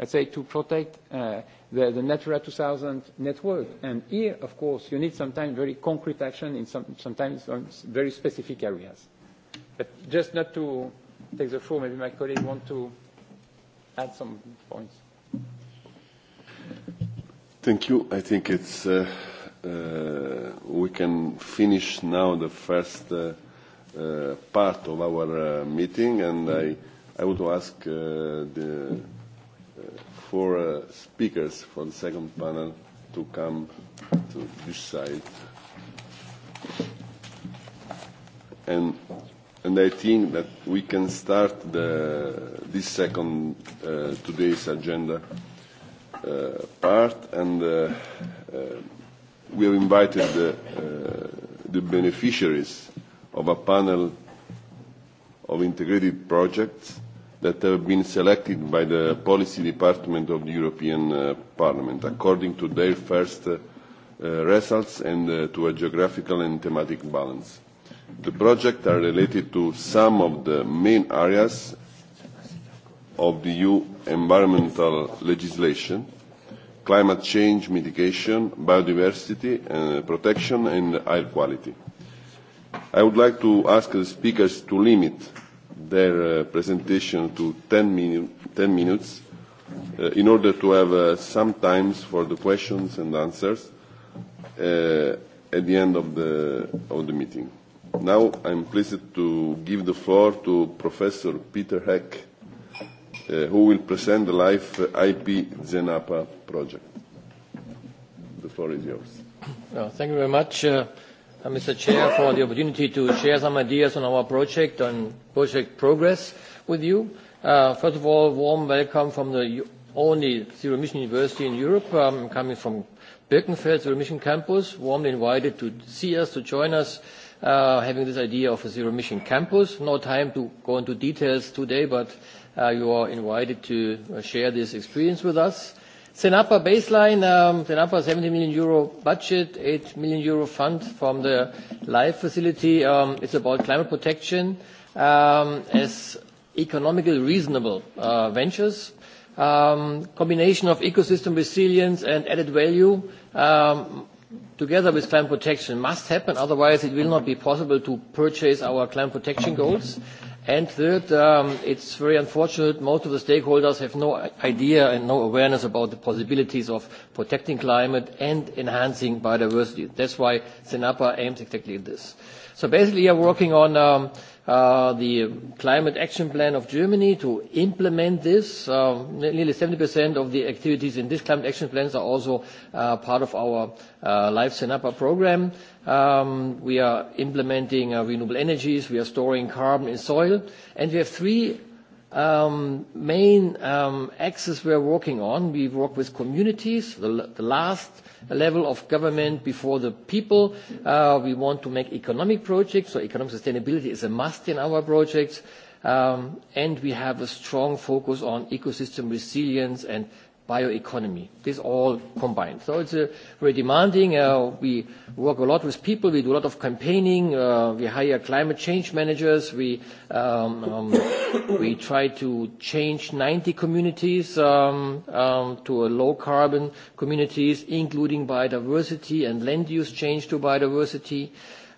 let's say, to protect the Natura 2000 network. And here, of course, you need sometimes very concrete action in sometimes very specific areas. But just not to take the floor, maybe my colleague want to add some points. Thank you. I think it's we can finish now the first part of our meeting, and I I would to ask the for speakers from the second panel to come to this side. And and I think that we can start the this second today's agenda part and we have invited the the beneficiaries of a panel of integrated projects that have been selected by the Policy Department of the European Parliament according to their first results and to a geographical and thematic balance. The projects are related to some of the main areas of the EU environmental legislation, climate change mitigation, biodiversity protection and air quality. I would like to ask the speakers to limit their presentation to 10 minutes in order to have some time for the questions and answers at the end of the meeting. Now I'm pleased to give the floor to Professor Peter Heck, who will present the LIFE IP Zenapa project. The floor is yours. Thank you very much. Mr. Chair, for the opportunity to share some ideas on our project and project progress with you. First of all, warm welcome from the only zero Mission university in Europe. I'm coming from Birkenfeld Zero Mission Campus, warmly invited to see us, to join us, having this idea of a zero Mission campus. No time to go into details today, but you are invited to share this experience with us. CENAPA baseline, CENAPA 70 million euro budget, 8 million euro fund from the LIFE facility. It's about climate protection as economically reasonable ventures. Combination of ecosystem resilience and added value together with climate protection must happen, otherwise it will not be possible to purchase our climate protection goals. And third, it's very unfortunate most of the stakeholders have no idea and no awareness about the possibilities of protecting climate and enhancing biodiversity. That's why CENAPA aims exactly at this. So basically, we are working on the Climate Action Plan of Germany to implement this. Nearly 70% of the activities in this Climate Action Plans are also part of our Life Senapa program. We are implementing renewable energies. We are storing carbon in soil. And we have three main axes we are working on. We work with communities. The last level of government before the people. We want to make economic projects, so economic sustainability is a must in our projects. And we have a strong focus on ecosystem resilience and bioeconomy. This all combined. So it's very demanding. We work a lot with people. We do a lot of campaigning. We hire climate change managers. We we try to change 90 communities to a low-carbon communities, including biodiversity and land use change to biodiversity.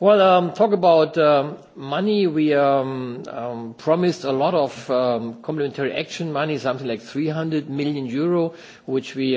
Well, talk about money. We promised a lot of complementary action money, something like 300 million euro, which we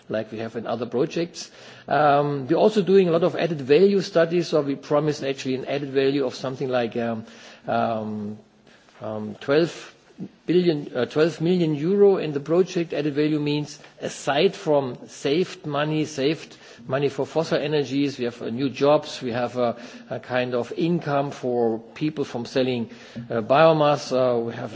like we have in other projects. We're also doing a lot of added value studies, so we promised actually an added value of something like 12 billion, 12 million euro in the project. Added value means aside from saved money, saved money for fossil energies, we have new jobs, we have a kind of income for people from selling biomass, we have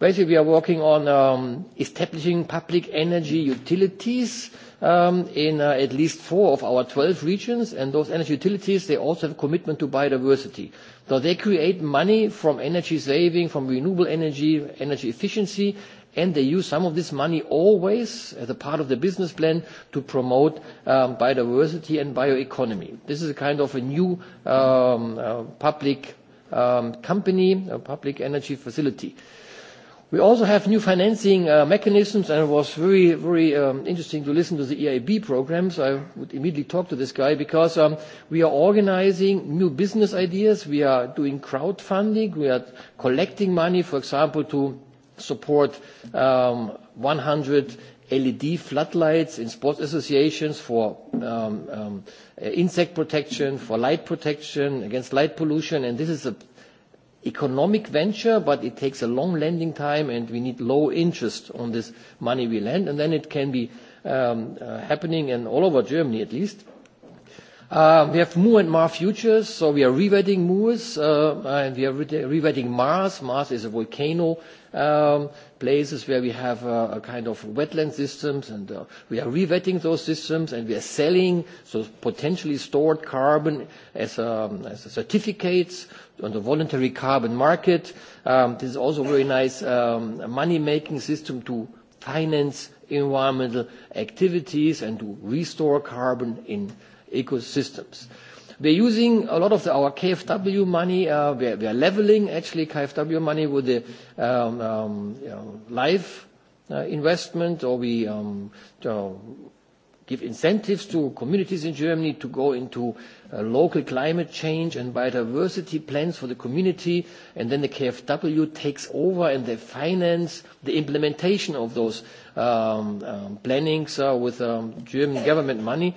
Basically, we are working on establishing public energy utilities in at least four of our 12 regions, and those energy utilities, they also have a commitment to biodiversity. So they create money from energy saving, from renewable energy, energy efficiency, and they use some of this money always as a part of the business plan to promote biodiversity and bioeconomy. This is a kind of a new public company, a public energy facility. We also have new financing mechanisms, and it was very, very interesting to listen to the EIB programs. I would immediately talk to this guy because we are organizing new business ideas. We are doing crowdfunding. We are collecting money, for example, to support 100 LED floodlights in sports associations for insect protection, for light protection, against light pollution, and this is a economic venture, but it takes a long lending time and we need low interest on this money we lend, and then it can be happening in all over Germany at least. We have Mu and Mar futures, so we are rewetting Moors, and we are rewetting Mars. Mars is a volcano places where we have a kind of wetland systems and we are re-wetting those systems and we are selling so potentially stored carbon as certificates on the voluntary carbon market. This is also a very nice money-making system to finance environmental activities and to restore carbon in ecosystems. We're using a lot of our KfW money. We are leveling actually KfW money with the life investment, or we give incentives to communities in Germany to go into local climate change and biodiversity plans for the community, and then the KfW takes over and they finance the implementation of those plannings with German government money.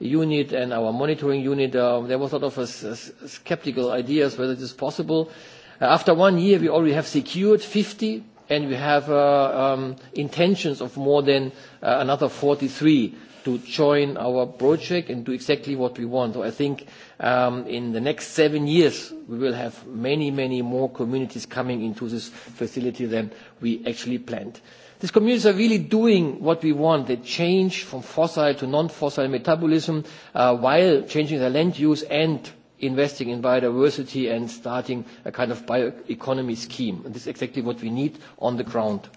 unit and our monitoring unit, there was lot of a skeptical ideas whether it is possible. After one year, we already have secured 50, and we have intentions of more than another 43 to join our project and do exactly what we want. So I think in the next seven years, we will have many, many more communities coming into this facility than we actually planned. These communities are really doing what we want. They change from fossil to non-fossil metabolism while changing their land use and investing in biodiversity and starting a kind of bioeconomy scheme. This is exactly what we need on the ground.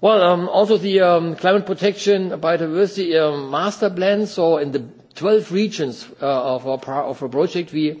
Well, also the climate protection biodiversity master plan. So in the 12 regions of our project, we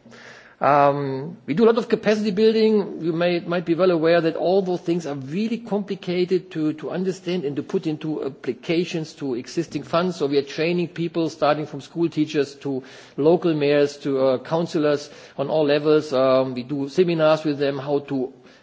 We do a lot of capacity building. You might be well aware that all those things are really complicated to understand and to put into applications to existing funds. So we are training people, starting from school teachers to local mayors to councillors on all levels. We do seminars with them how to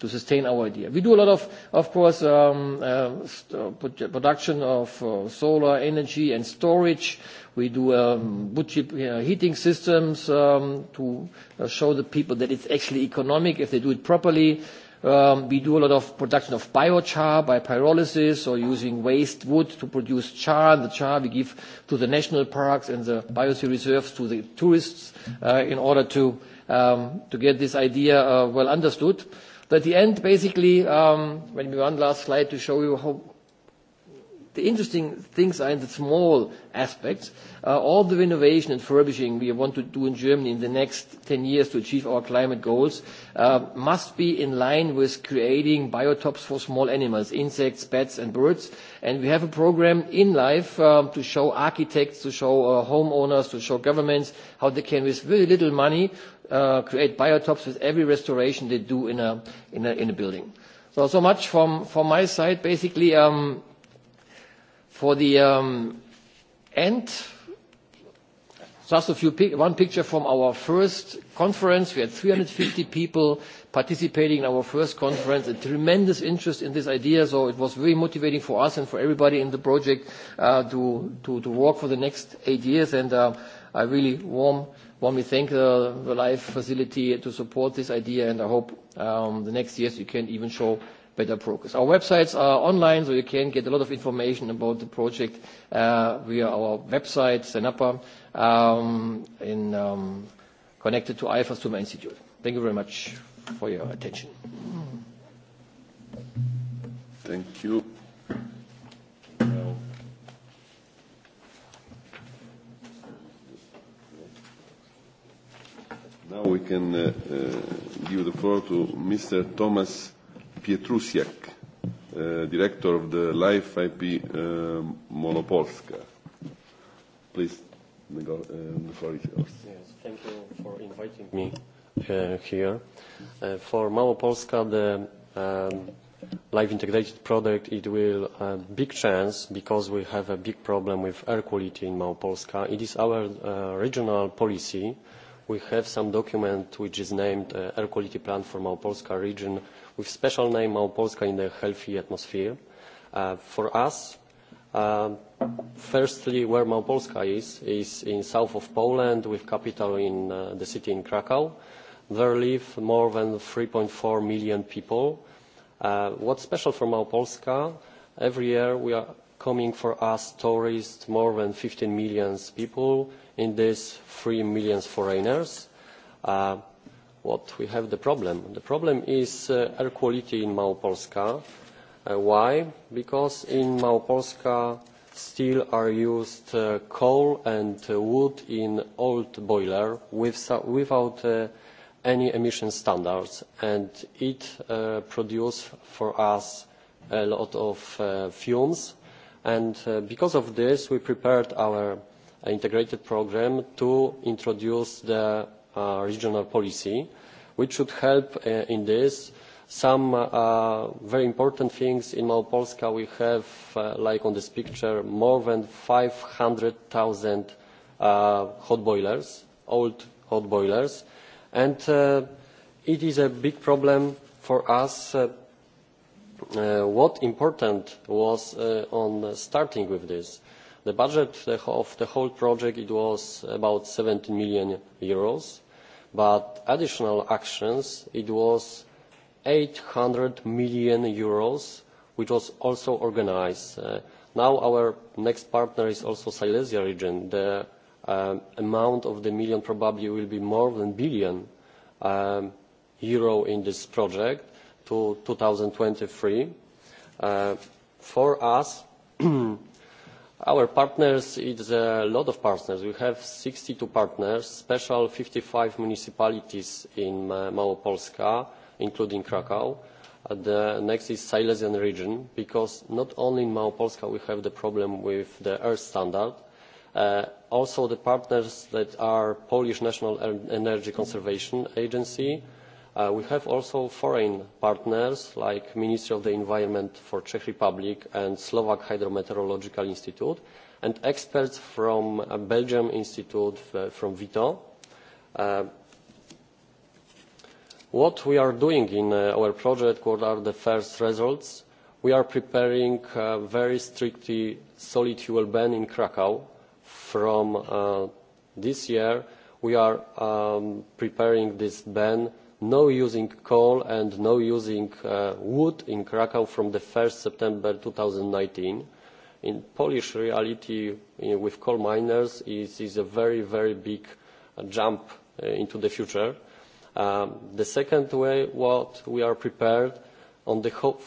to sustain our idea. We do a lot of, of course, production of solar energy and storage. We do wood chip heating systems to show the people that it's actually economic if they do it properly. We do a lot of production of biochar by pyrolysis or using waste wood to produce char. The char we give to the national parks and the biosphere reserves to the tourists in order to get this idea well understood. But at the end, basically, when we one last slide to show you how the interesting things are in the small aspects. All the renovation and furbishing we want to do in Germany in the next 10 years to achieve our climate goals must be in line with creating biotopes for small animals, insects, bats and birds, And we have a program in life to show architects, to show homeowners, to show governments how they can, with very little money, create biotops with every restoration they do in a in a in a building. So so much from from my side. Basically, um for the um end, just a few one picture from our first conference. We had 350 people participating in our first conference, a tremendous interest in this idea, so it was very motivating for us and for everybody in the project to work for the next eight years, and I really warm warmly thank the LIFE facility to support this idea, and I hope the next years you can even show better progress. Our websites are online, so you can get a lot of information about the project via our website, um connected to Tumor Institute. Thank you very much for your attention. Thank you. Now we can give the floor to Mr. Thomas Pietrusiak, Director of the Life IP Monopolska. Please, the floor is yours. Yes, thank you for inviting me here. For Małopolska, the live integrated product, it will a big chance because we have a big problem with air quality in Małopolska. It is our regional policy. We have some document which is named Air Quality Plan for Małopolska region with special name Małopolska in the healthy atmosphere. For us, firstly, where Małopolska is, is in south of Poland with capital in the city in Krakow There live more than 3.4 million people. What's special for Małopolska? Every year we are coming for us tourists, more than 15 million people, in this 3 million foreigners. What we have the problem? The problem is air quality in Małopolska. Why? Because in Małopolska still are used coal and wood in old boiler without any emission standards and it produces for us a lot of fumes and because of this we prepared our integrated programme to introduce the regional policy which should help in this. Some very important things in Małopolska we have, like on this picture, more than 500,000 hot boilers, old hot boilers and it is a big problem for us what important was on starting with this. The budget of the whole project it was about 17 million euros, but additional actions it was 800 million euros, which was also organised. Now our next partner is also Silesia region. The amount of the million probably will be more than billion euro in this project to 2023. For us, our partners, it's a lot of partners. We have 62 partners, special 55 municipalities in Małopolska, including Krakow. The next is Silesian region, because not only in Małopolska we have the problem with the Earth standard, also the partners that are Polish National Energy Conservation Agency. We have also foreign partners like Ministry of the Environment for Czech Republic and Slovak Hydrometeorological Institute and experts from Belgium Institute from Vito. What we are doing in our project, what are the first results? We are preparing a very strictly solid fuel ban in Krakow from this year we are preparing this ban no using coal and no using wood in krakow from the september. st September 2019. in polish reality with coal miners it is a very very big jump into the future. the second way what we are prepared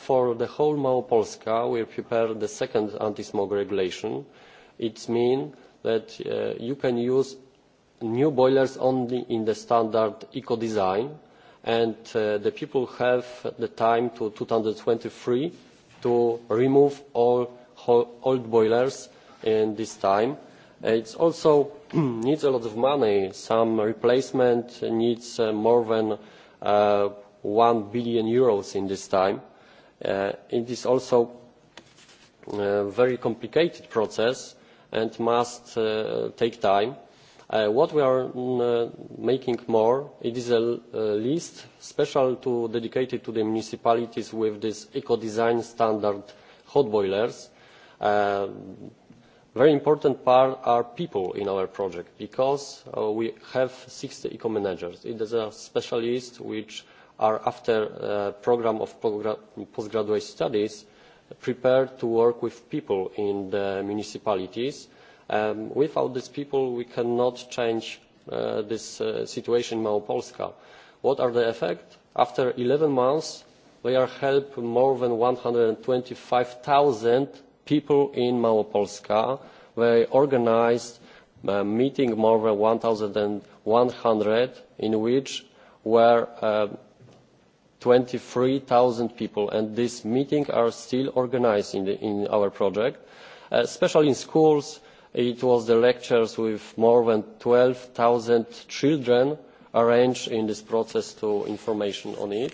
for the whole małopolska we prepared the second anti smog regulation. it means that you can use new boilers only in the standard eco design and the people have the time to 2023 to remove all old boilers in this time. It also needs a lot of money. Some replacement needs more than 1 billion euros in this time. It is also a very complicated process and must take time. What we are making more, it is a list special to dedicated to the municipalities with this eco-design standard hot boilers. Very important part are people in our project because we have 60 eco-managers. It is a specialist which are after a program of postgraduate studies prepared to work with people in the municipalities. Without these people, we cannot change this situation in Małopolska. What are the effects? After 11 months, they are helping more than 125,000 people in Małopolska. We organized a meeting more than 1,100 in which were twenty three people and this meeting are still organised in our project especially in schools it was the lectures with more than twelve children arranged in this process to information on it.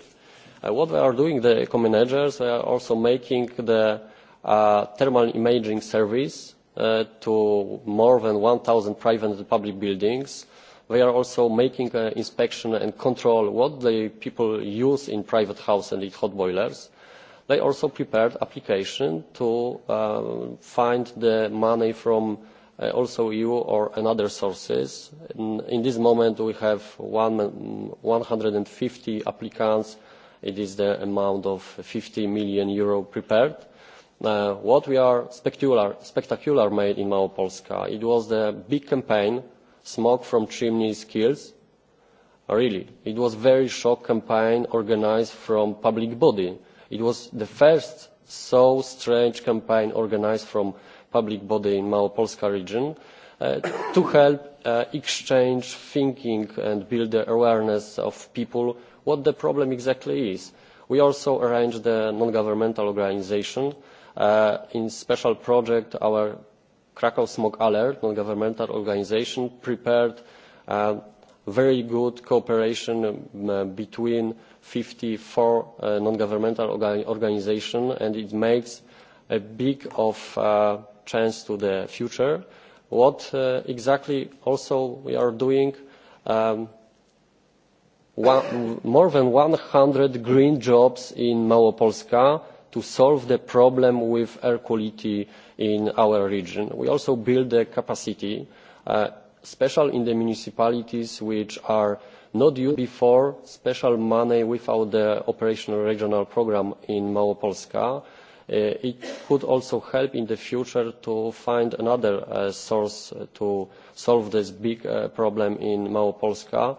what we are doing the eco managers they are also making the thermal imaging service to more than 1,000 private and public buildings we are also making inspection and control what the people use in private houses and in hot boilers. They also prepared application to find the money from also EU or another sources. In this moment we have 150 applicants. It is the amount of 50 million euro prepared. What we are spectacular made in Małopolska, it was the big campaign smoke from chimneys kills. Really, it was a very shock campaign organised from public body. It was the first so strange campaign organised from public body in Małopolska region to help exchange thinking and build the awareness of people what the problem exactly is. We also arranged a non-governmental organisation in special project our krakow smog alert non governmental organisation prepared very good cooperation between 54 non governmental organisations and it makes a big of chance to the future. what exactly also we are doing more than 100 green jobs in małopolska to solve the problem with air quality in our region. We also build the capacity, especially in the municipalities which are not used before special money without the operational regional programme in Małopolska. It could also help in the future to find another source to solve this big problem in Małopolska.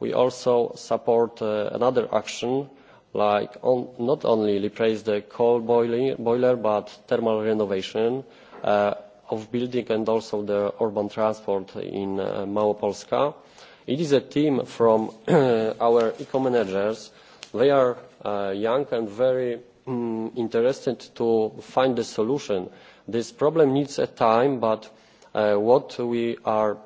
We also support another action like not only replace the coal boiler but thermal renovation of building and also the urban transport in Małopolska. It is a team from our eco-managers. They are young and very interested to find the solution. This problem needs a time, but what we are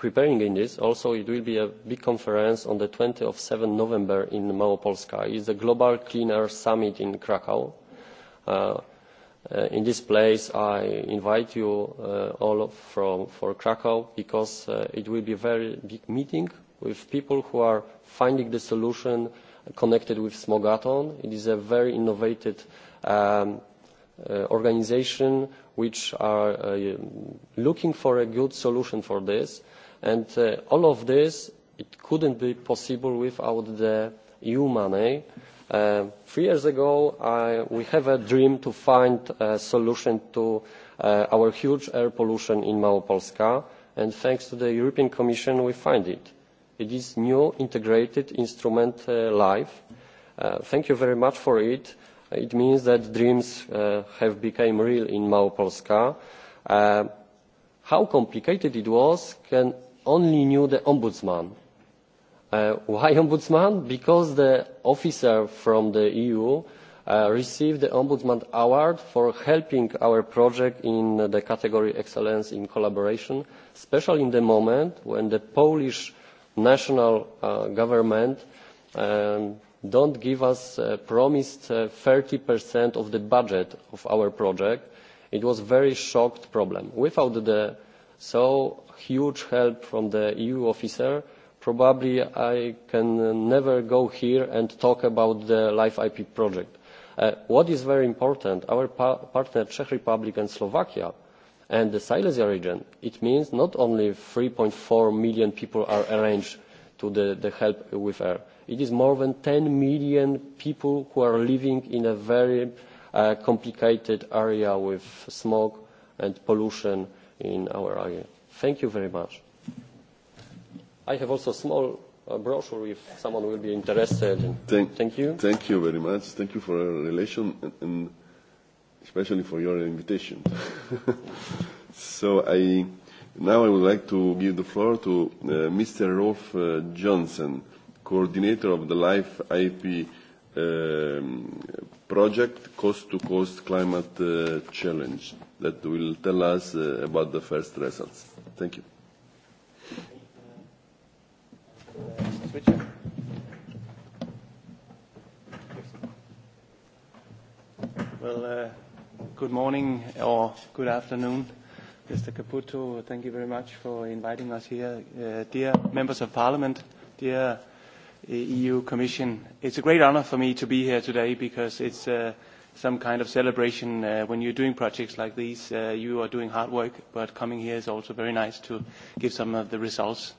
preparing in this also it will be a big conference on the 20 of 7 november in małopolska is the global clean air summit in krakow in this place i invite you all from for krakow because it will be a very big meeting with people who are finding the solution connected with smogaton it is a very innovative organisation which are looking for a good solution for this and all of this it couldn't be possible without the eu money. three years ago we have a dream to find a solution to our huge air pollution in małopolska and thanks to the european commission we find it. it is new integrated instrument life. thank you very much for it. it means that dreams have become real in małopolska. how complicated it was can only knew the ombudsman. Why ombudsman? Because the officer from the EU received the Ombudsman Award for helping our project in the category Excellence in Collaboration, especially in the moment when the Polish national government don't give us promised 30% of the budget of our project. It was a very shocked problem. Without the So huge help from the EU officer. Probably I can never go here and talk about the LIFE IP project. What is very important, our partner Czech Republic and Slovakia and the Silesia region, it means not only 3.4 million people are arranged to the help with air. It is more than 10 million people who are living in a very complicated area with smog and pollution in our area. Thank you very much. I have also a small brochure if someone will be interested. Thank you. Thank you very much. Thank you for your relation and especially for your invitation. So I now I would like to give the floor to Mr. Rolf Johnson, coordinator of the LIFE IP project Coast to Coast Climate Challenge that will tell us about the first results. Thank you. Well, good morning or good afternoon, Mr. Caputo. Thank you very much for inviting us here. Dear members of parliament, dear EU Commission, it's a great honor for me to be here today because it's some kind of celebration when you're doing projects like these. You are doing hard work, but coming here is also very nice to give some of the results.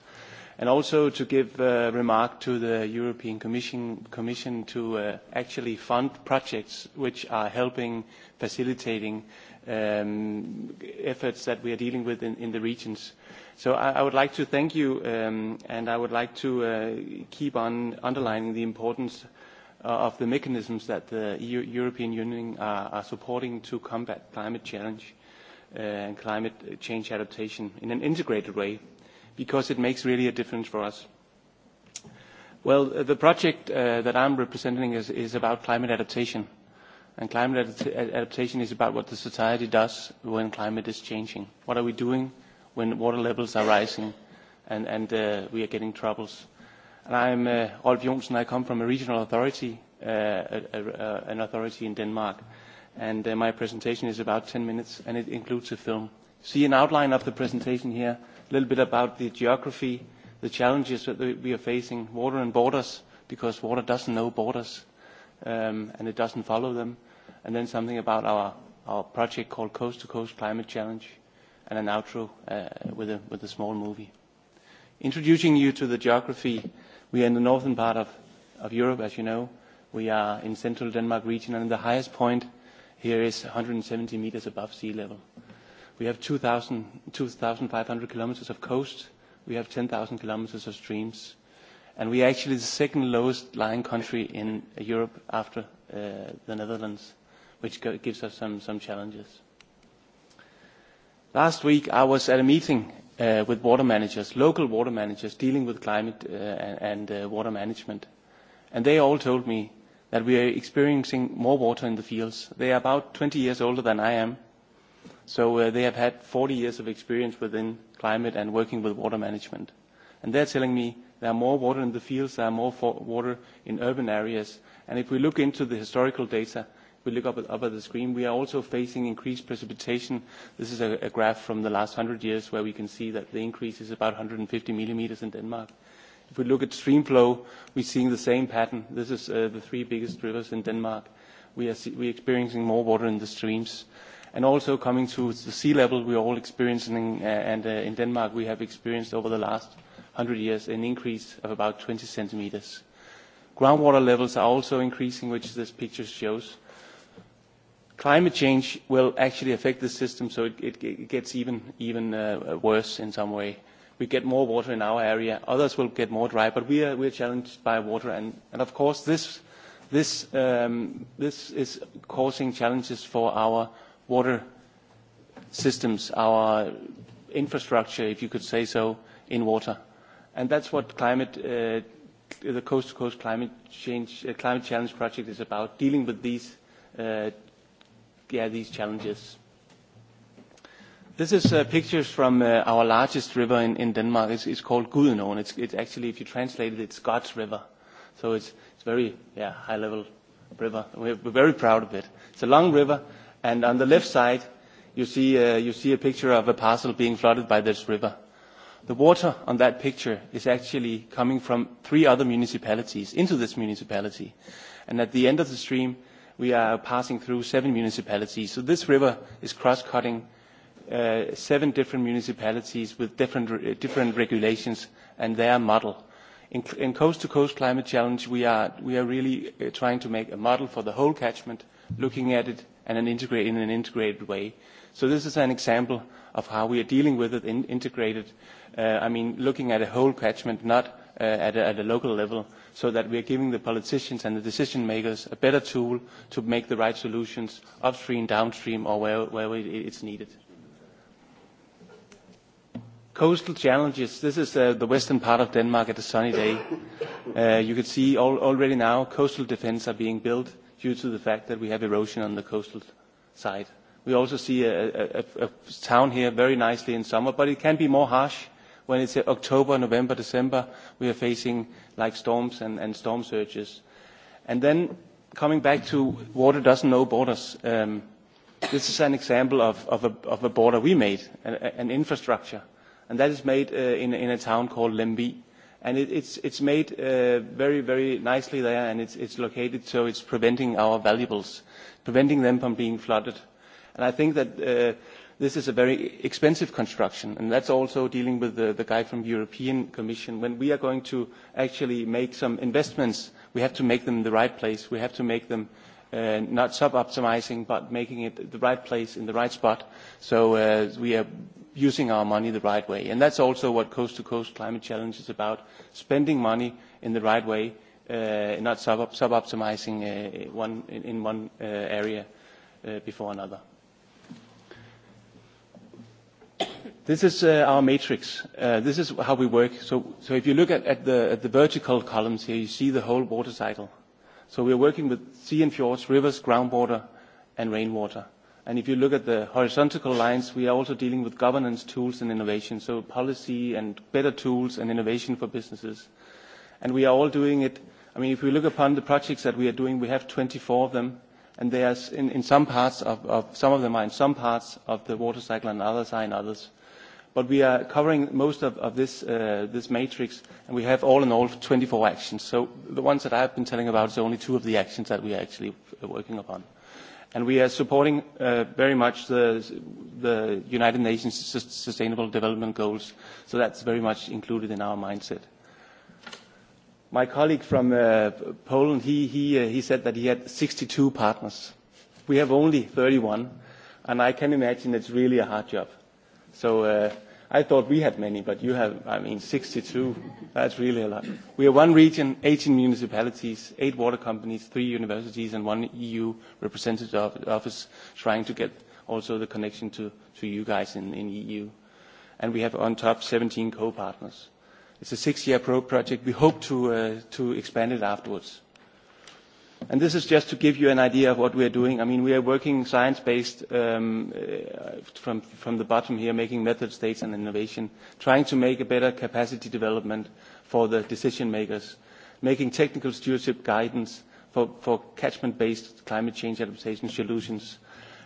And also to give a remark to the European Commission to actually fund projects which are helping facilitating efforts that we are dealing with in the regions. So I would like to thank you, and I would like to keep on underlining the importance of the mechanisms that the European Union are supporting to combat climate challenge and climate change adaptation in an integrated way, because it makes really a difference for us. Well, the project that I'm representing is about climate adaptation, and climate adaptation is about what the society does when climate is changing. What are we doing when water levels are rising and we are getting troubles? I'm Olf Jonsen. I come from a regional authority, an authority in Denmark. And my presentation is about 10 minutes, and it includes a film. See an outline of the presentation here, a little bit about the geography, the challenges that we are facing, water and borders, because water doesn't know borders, um and it doesn't follow them. And then something about our our project called Coast to Coast Climate Challenge, and an outro with a small movie. Introducing you to the geography We are in the northern part of, of Europe, as you know. We are in central Denmark region, and the highest point here is 170 meters above sea level. We have 2,500 kilometers of coast. We have 10,000 kilometers of streams. And we are actually the second lowest lying country in Europe after the Netherlands, which gives us some challenges. Last week, I was at a meeting with water managers, local water managers dealing with climate and water management. And they all told me that we are experiencing more water in the fields. They are about 20 years older than I am. So they have had 40 years of experience within climate and working with water management. And they're telling me there are more water in the fields, there are more water in urban areas. And if we look into the historical data, we look up at the screen, we are also facing increased precipitation. This is a graph from the last 100 years where we can see that the increase is about 150 millimeters in Denmark. If we look at stream flow, we're seeing the same pattern. This is the three biggest rivers in Denmark. We are experiencing more water in the streams. And also coming to the sea level, we are all experiencing, and in Denmark we have experienced over the last 100 years an increase of about 20 centimeters. Groundwater levels are also increasing, which this picture shows climate change will actually affect the system so it gets even even worse in some way. We get more water in our area, others will get more dry, but we are we are challenged by water. And of course, this is causing challenges for our water systems, our infrastructure, if you could say so, in water. And that's what climate the Coast to Coast Climate Change Climate Challenge Project is about, dealing with these yeah, these challenges. This is pictures from our largest river in Denmark. It's called Gudenåen. It's actually, if you translate it, it's God's river. So it's very yeah, high-level river. We're very proud of it. It's a long river, and on the left side, you see you see a picture of a parcel being flooded by this river. The water on that picture is actually coming from three other municipalities into this municipality, and at the end of the stream we are passing through seven municipalities. So this river is cross-cutting seven different municipalities with different regulations and their model. In Coast-to-Coast Climate Challenge, we are really trying to make a model for the whole catchment, looking at it in an integrated way. So this is an example of how we are dealing with it in integrated. I mean, looking at a whole catchment, not at a local level so that we are giving the politicians and the decision makers a better tool to make the right solutions upstream, downstream, or wherever it's needed. Coastal challenges. This is the western part of Denmark at a sunny day. You can see already now coastal defense are being built due to the fact that we have erosion on the coastal side. We also see a town here very nicely in summer, but it can be more harsh when it's October, November, December. We are facing like storms and storm surges. And then coming back to water doesn't know borders. This is an example of a border we made, an infrastructure. And that is made in a town called Lembi. And it's made very, very nicely there, and it's located so it's preventing our valuables, preventing them from being flooded. And I think that this is a very expensive construction, and that's also dealing with the guy from the European Commission. When we are going to actually make some investments, we have to make them in the right place. We have to make them not sub-optimizing, but making it the right place in the right spot. So we are using our money the right way. And that's also what Coast to Coast Climate Challenge is about, spending money in the right way, not sub-optimizing in one area before another. This is our matrix. This is how we work. So if you look at the vertical columns here, you see the whole water cycle. So we are working with sea and fjords, rivers, groundwater, and rainwater. And if you look at the horizontal lines, we are also dealing with governance tools and innovation, so policy and better tools and innovation for businesses. And we are all doing it. I mean, if we look upon the projects that we are doing, we have 24 of them and are in, in some parts of, some of them are in some parts of the water cycle and others are in others. But we are covering most of, this, this matrix, and we have all in all 24 actions. So the ones that I have been telling about is only two of the actions that we are actually working upon. And we are supporting very much the, the United Nations Sustainable Development Goals, so that's very much included in our mindset. My colleague from Poland, he he he said that he had 62 partners. We have only 31, and I can imagine it's really a hard job. So I thought we had many, but you have, I mean, 62. That's really a lot. We are one region, 18 municipalities, eight water companies, three universities, and one EU representative office trying to get also the connection to to you guys in in EU. And we have on top 17 co-partners. It's a six-year project. We hope to expand it afterwards. And this is just to give you an idea of what we are doing. I mean, we are working science-based from the bottom here, making method states and innovation, trying to make a better capacity development for the decision-makers, making technical stewardship guidance for catchment-based climate change adaptation solutions.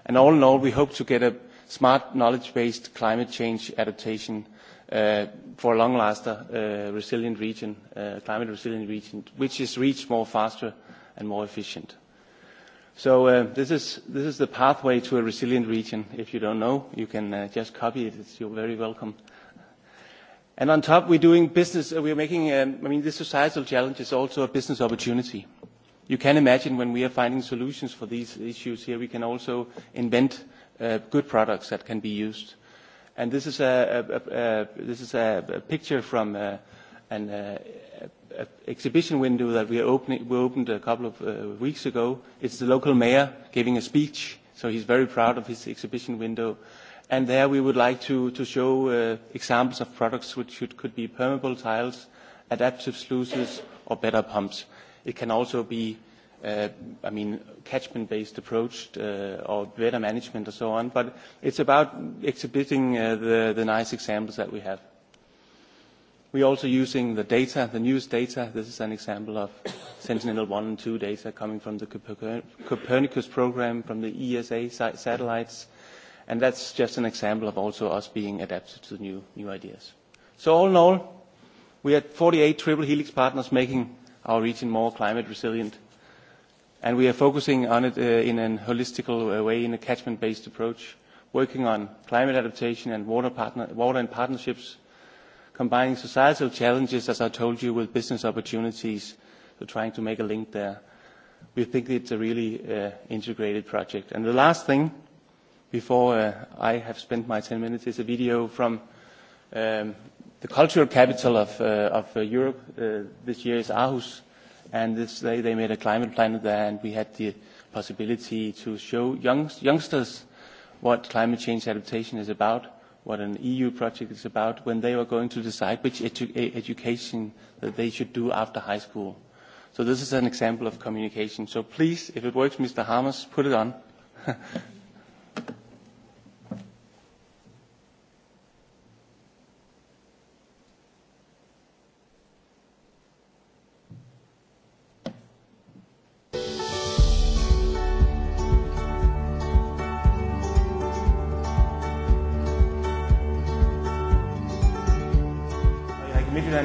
And all in all, we hope to get a smart, knowledge-based climate change adaptation for a long-lasting, resilient region, climate-resilient region, which is reached more faster and more efficient. So this is the pathway to a resilient region. If you don't know, you can just copy it. You're very welcome. And on top, we're doing business. We're making, I mean, this societal challenge is also a business opportunity. You can imagine when we are finding solutions for these issues here, we can also invent good products that can be used And this is a this is a picture from an exhibition window that we opened a couple of weeks ago. It's the local mayor giving a speech, so he's very proud of his exhibition window. And there we would like to show examples of products which could be permeable tiles, adaptive sluices, or better pumps. It can also be I mean, catchment-based approach or better management or so on. But it's about exhibiting the nice examples that we have. We're also using the data, the newest data. This is an example of Sentinel-1 and 2 data coming from the Copernicus program, from the ESA satellites. And that's just an example of also us being adapted to new ideas. So all in all, we had 48 triple helix partners making our region more climate resilient and we are focusing on it in a holistic way in a catchment based approach working on climate adaptation and water and partnerships combining societal challenges as i told you with business opportunities so trying to make a link there we think it's a really integrated project and the last thing before i have spent my 10 minutes is a video from the cultural capital of of europe this year is aarhus and this, they, they made a climate plan there, and we had the possibility to show young, youngsters what climate change adaptation is about, what an EU project is about, when they were going to decide which edu- education that they should do after high school. So this is an example of communication. So please, if it works, Mr. Harmers, put it on.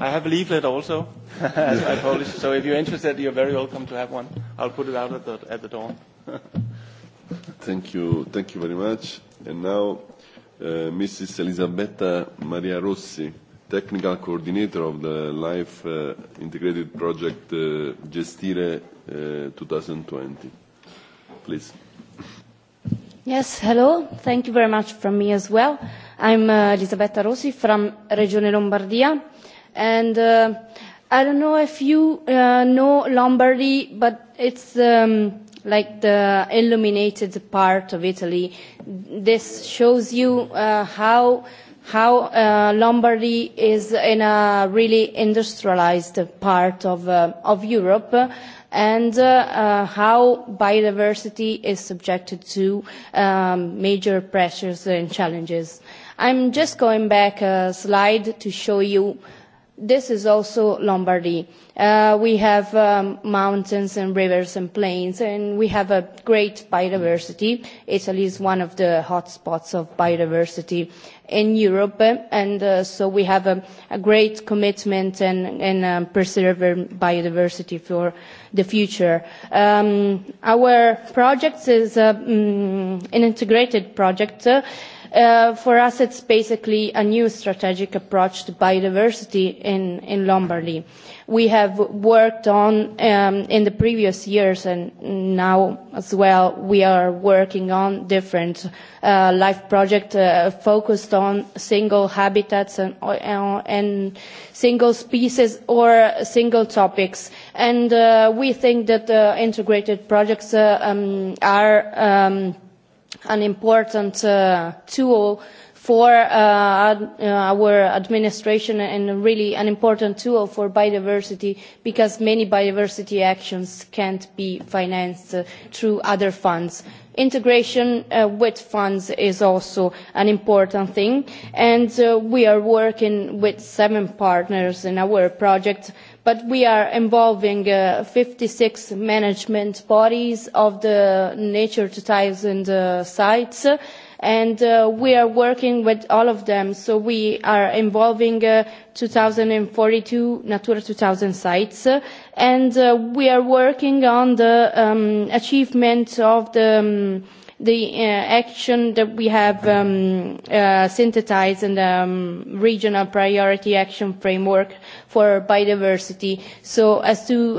I have a leaflet also. I Polish, so if you're interested, you're very welcome to have one. I'll put it out at the, at the door. Thank you. Thank you very much. And now, Mrs. Elisabetta Maria Rossi, Technical Coordinator of the Life Integrated Project Gestire 2020. Please. Yes, hello. Thank you very much from me as well. I'm Elisabetta Rossi from Regione Lombardia And I don't know if you know Lombardy, but it's like the illuminated part of Italy. This shows you how how Lombardy is in a really industrialized part of Europe and how biodiversity is subjected to major pressures and challenges. I'm just going back a slide to show you This is also Lombardy. We have mountains and rivers and plains, and we have a great biodiversity. Italy is one of the hotspots of biodiversity in Europe, and so we have a great commitment and preserving biodiversity for the future. Our project is an integrated project For us, it's basically a new strategic approach to biodiversity in Lombardy. We have worked on in the previous years and now as well. We are working on different life projects focused on single habitats and single species or single topics. And we think that integrated projects are an important tool for our administration and really an important tool for biodiversity because many biodiversity actions can't be financed through other funds. Integration with funds is also an important thing and we are working with seven partners in our project but we are involving 56 management bodies of the Nature 2000 sites and we are working with all of them. So we are involving 2,042 Natura 2000 sites and we are working on the achievement of the the action that we have synthesized in the regional priority action framework for biodiversity so as to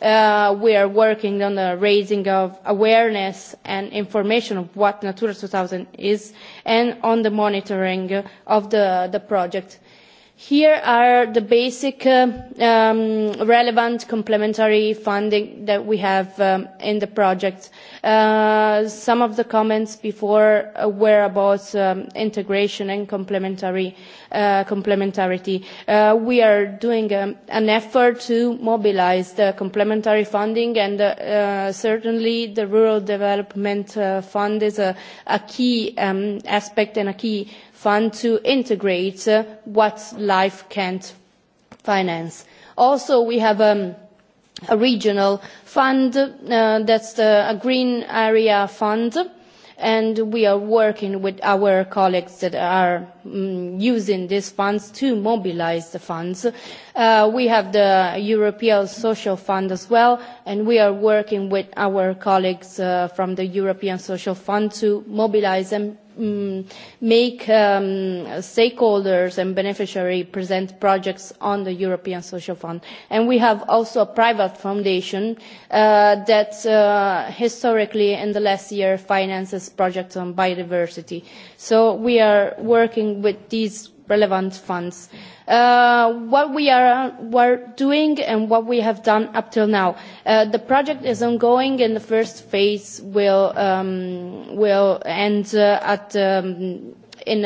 We are working on the raising of awareness and information of what Natura 2000 is and on the monitoring of the project. Here are the basic relevant complementary funding that we have in the project. Some of the comments before were about integration and complementarity. We are doing an effort to mobilise the complementary funding and certainly the Rural Development Fund is a key aspect and a key fund to integrate what life can't finance. Also, we have a regional fund that's a green area fund and we are working with our colleagues that are using these funds to mobilise the funds. We have the European Social Fund as well and we are working with our colleagues from the European Social Fund to mobilise them make stakeholders and beneficiaries present projects on the European Social Fund. And we have also a private foundation that historically in the last year finances projects on biodiversity. So we are working with these relevant funds. What we are doing and what we have done up till now. The project is ongoing and the first phase will end at in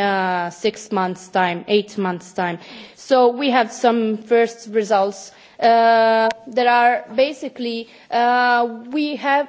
six months' time, eight months' time. So we have some first results that are basically we have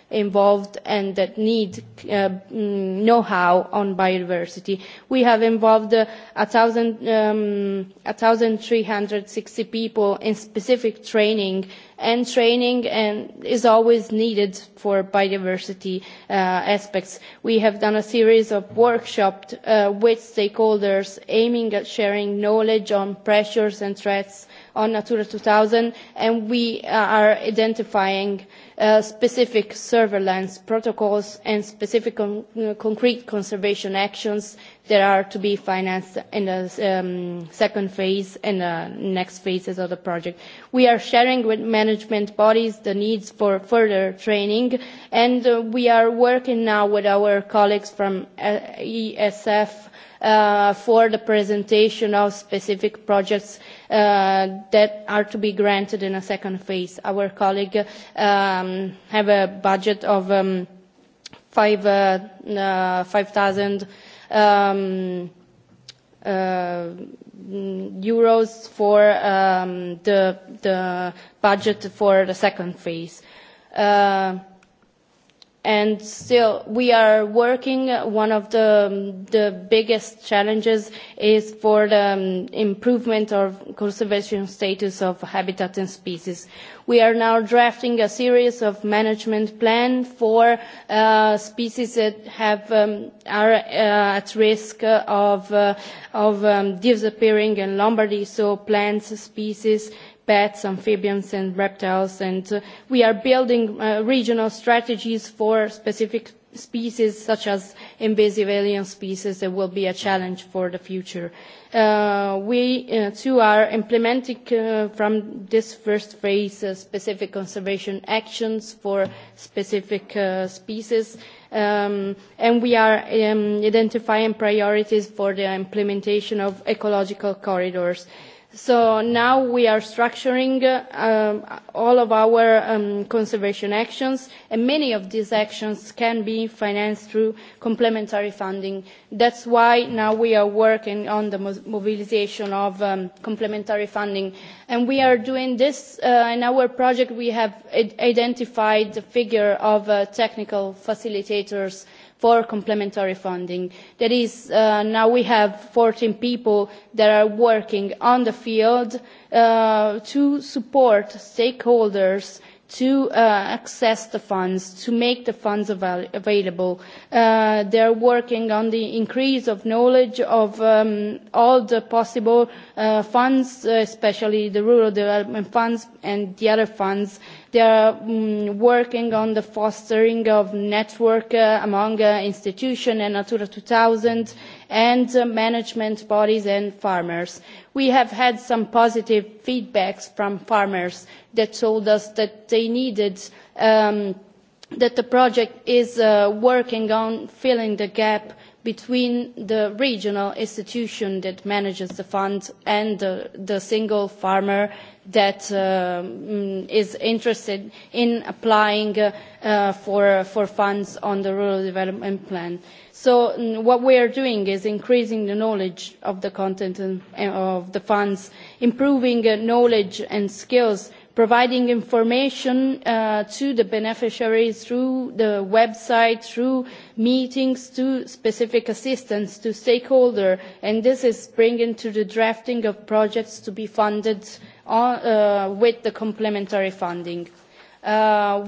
involved and that need know-how on biodiversity. We have involved 1,360 people in specific training, and training is always needed for biodiversity aspects. We have done a series of workshops with stakeholders aiming at sharing knowledge on pressures and threats on Natura 2000, and we are identifying specific surveillance protocols and specific concrete conservation actions that are to be financed in the second phase and the next phases of the project. We are sharing with management bodies the needs for further training, and we are working now with our colleagues from ESF for the presentation of specific projects that are to be granted in a second phase. Our colleague have a budget of 5,000 euros for the budget for the second phase and still we are working one of the the biggest challenges is for the improvement of conservation status of habitat and species we are now drafting a series of management plans for species that have are at risk of disappearing in lombardy so plants species pets, amphibians and reptiles, and we are building regional strategies for specific species such as invasive alien species that will be a challenge for the future. We too are implementing from this first phase specific conservation actions for specific species and we are identifying priorities for the implementation of ecological corridors So now we are structuring all of our conservation actions, and many of these actions can be financed through complementary funding. That's why now we are working on the mobilisation of complementary funding, and we are doing this in our project. We have identified the figure of technical facilitators for complementary funding. That is, now we have 14 people that are working on the field to support stakeholders to access the funds, to make the funds available. They are working on the increase of knowledge of all the possible funds, especially the rural development funds and the other funds They are working on the fostering of network among institutions and Natura 2000 and management bodies and farmers. We have had some positive feedbacks from farmers that told us that they needed that the project is working on filling the gap between the regional institution that manages the fund and the single farmer that is interested in applying for funds on the rural development plan. So what we are doing is increasing the knowledge of the content of the funds, improving knowledge and skills, providing information to the beneficiaries through the website, through meetings, to specific assistance to stakeholders, and this is bringing to the drafting of projects to be funded with the complementary funding.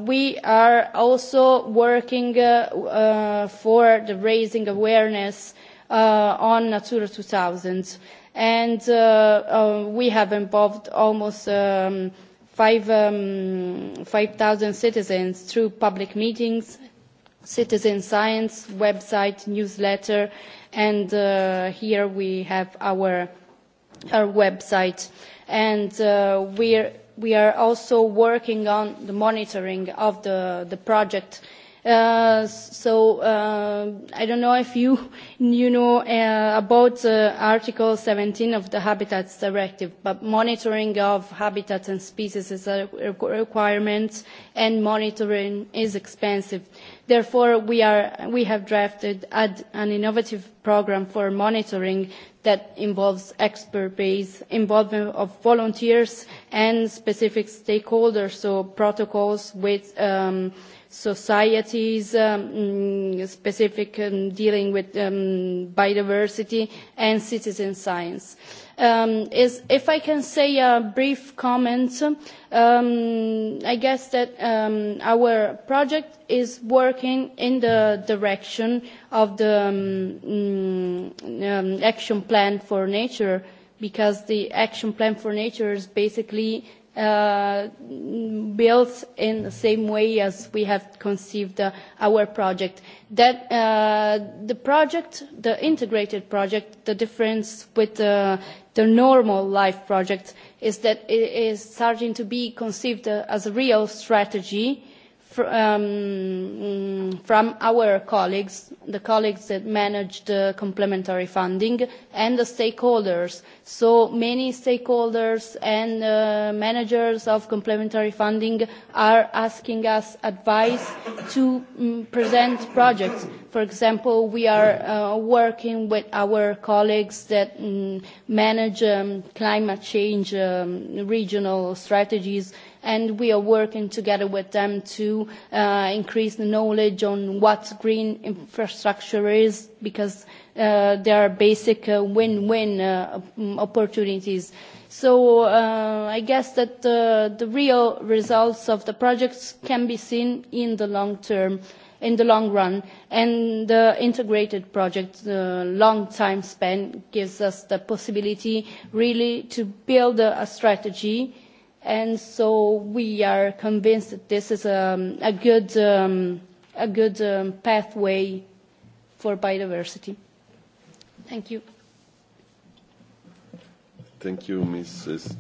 We are also working for the raising awareness on Natura 2000 and we have involved almost 5,000 citizens through public meetings, citizen science, website, newsletter and here we have our website and we are also working on the monitoring of the project So I don't know if you know about Article 17 of the Habitats Directive, but monitoring of habitats and species is a requirement, and monitoring is expensive. Therefore, we have drafted an innovative program for monitoring that involves expert base involvement of volunteers and specific stakeholders, so protocols with societies, specific dealing with biodiversity and citizen science. If I can say a brief comment, I guess that our project is working in the direction of the action plan for nature, because the action plan for nature is basically built in the same way as we have conceived our project. That the project, the integrated project, the difference with the normal life project is that it is starting to be conceived as a real strategy from our colleagues, the colleagues that manage the complementary funding and the stakeholders. So many stakeholders and managers of complementary funding are asking us advice to present projects. For example, we are working with our colleagues that manage climate change regional strategies and we are working together with them to increase the knowledge on what green infrastructure is because there are basic win-win opportunities. So I guess that the real results of the projects can be seen in the long term in the long run and the integrated project the long time span gives us the possibility really to build a strategy and so we are convinced that this is a good a good pathway for biodiversity. Thank you. Thank you, Mrs.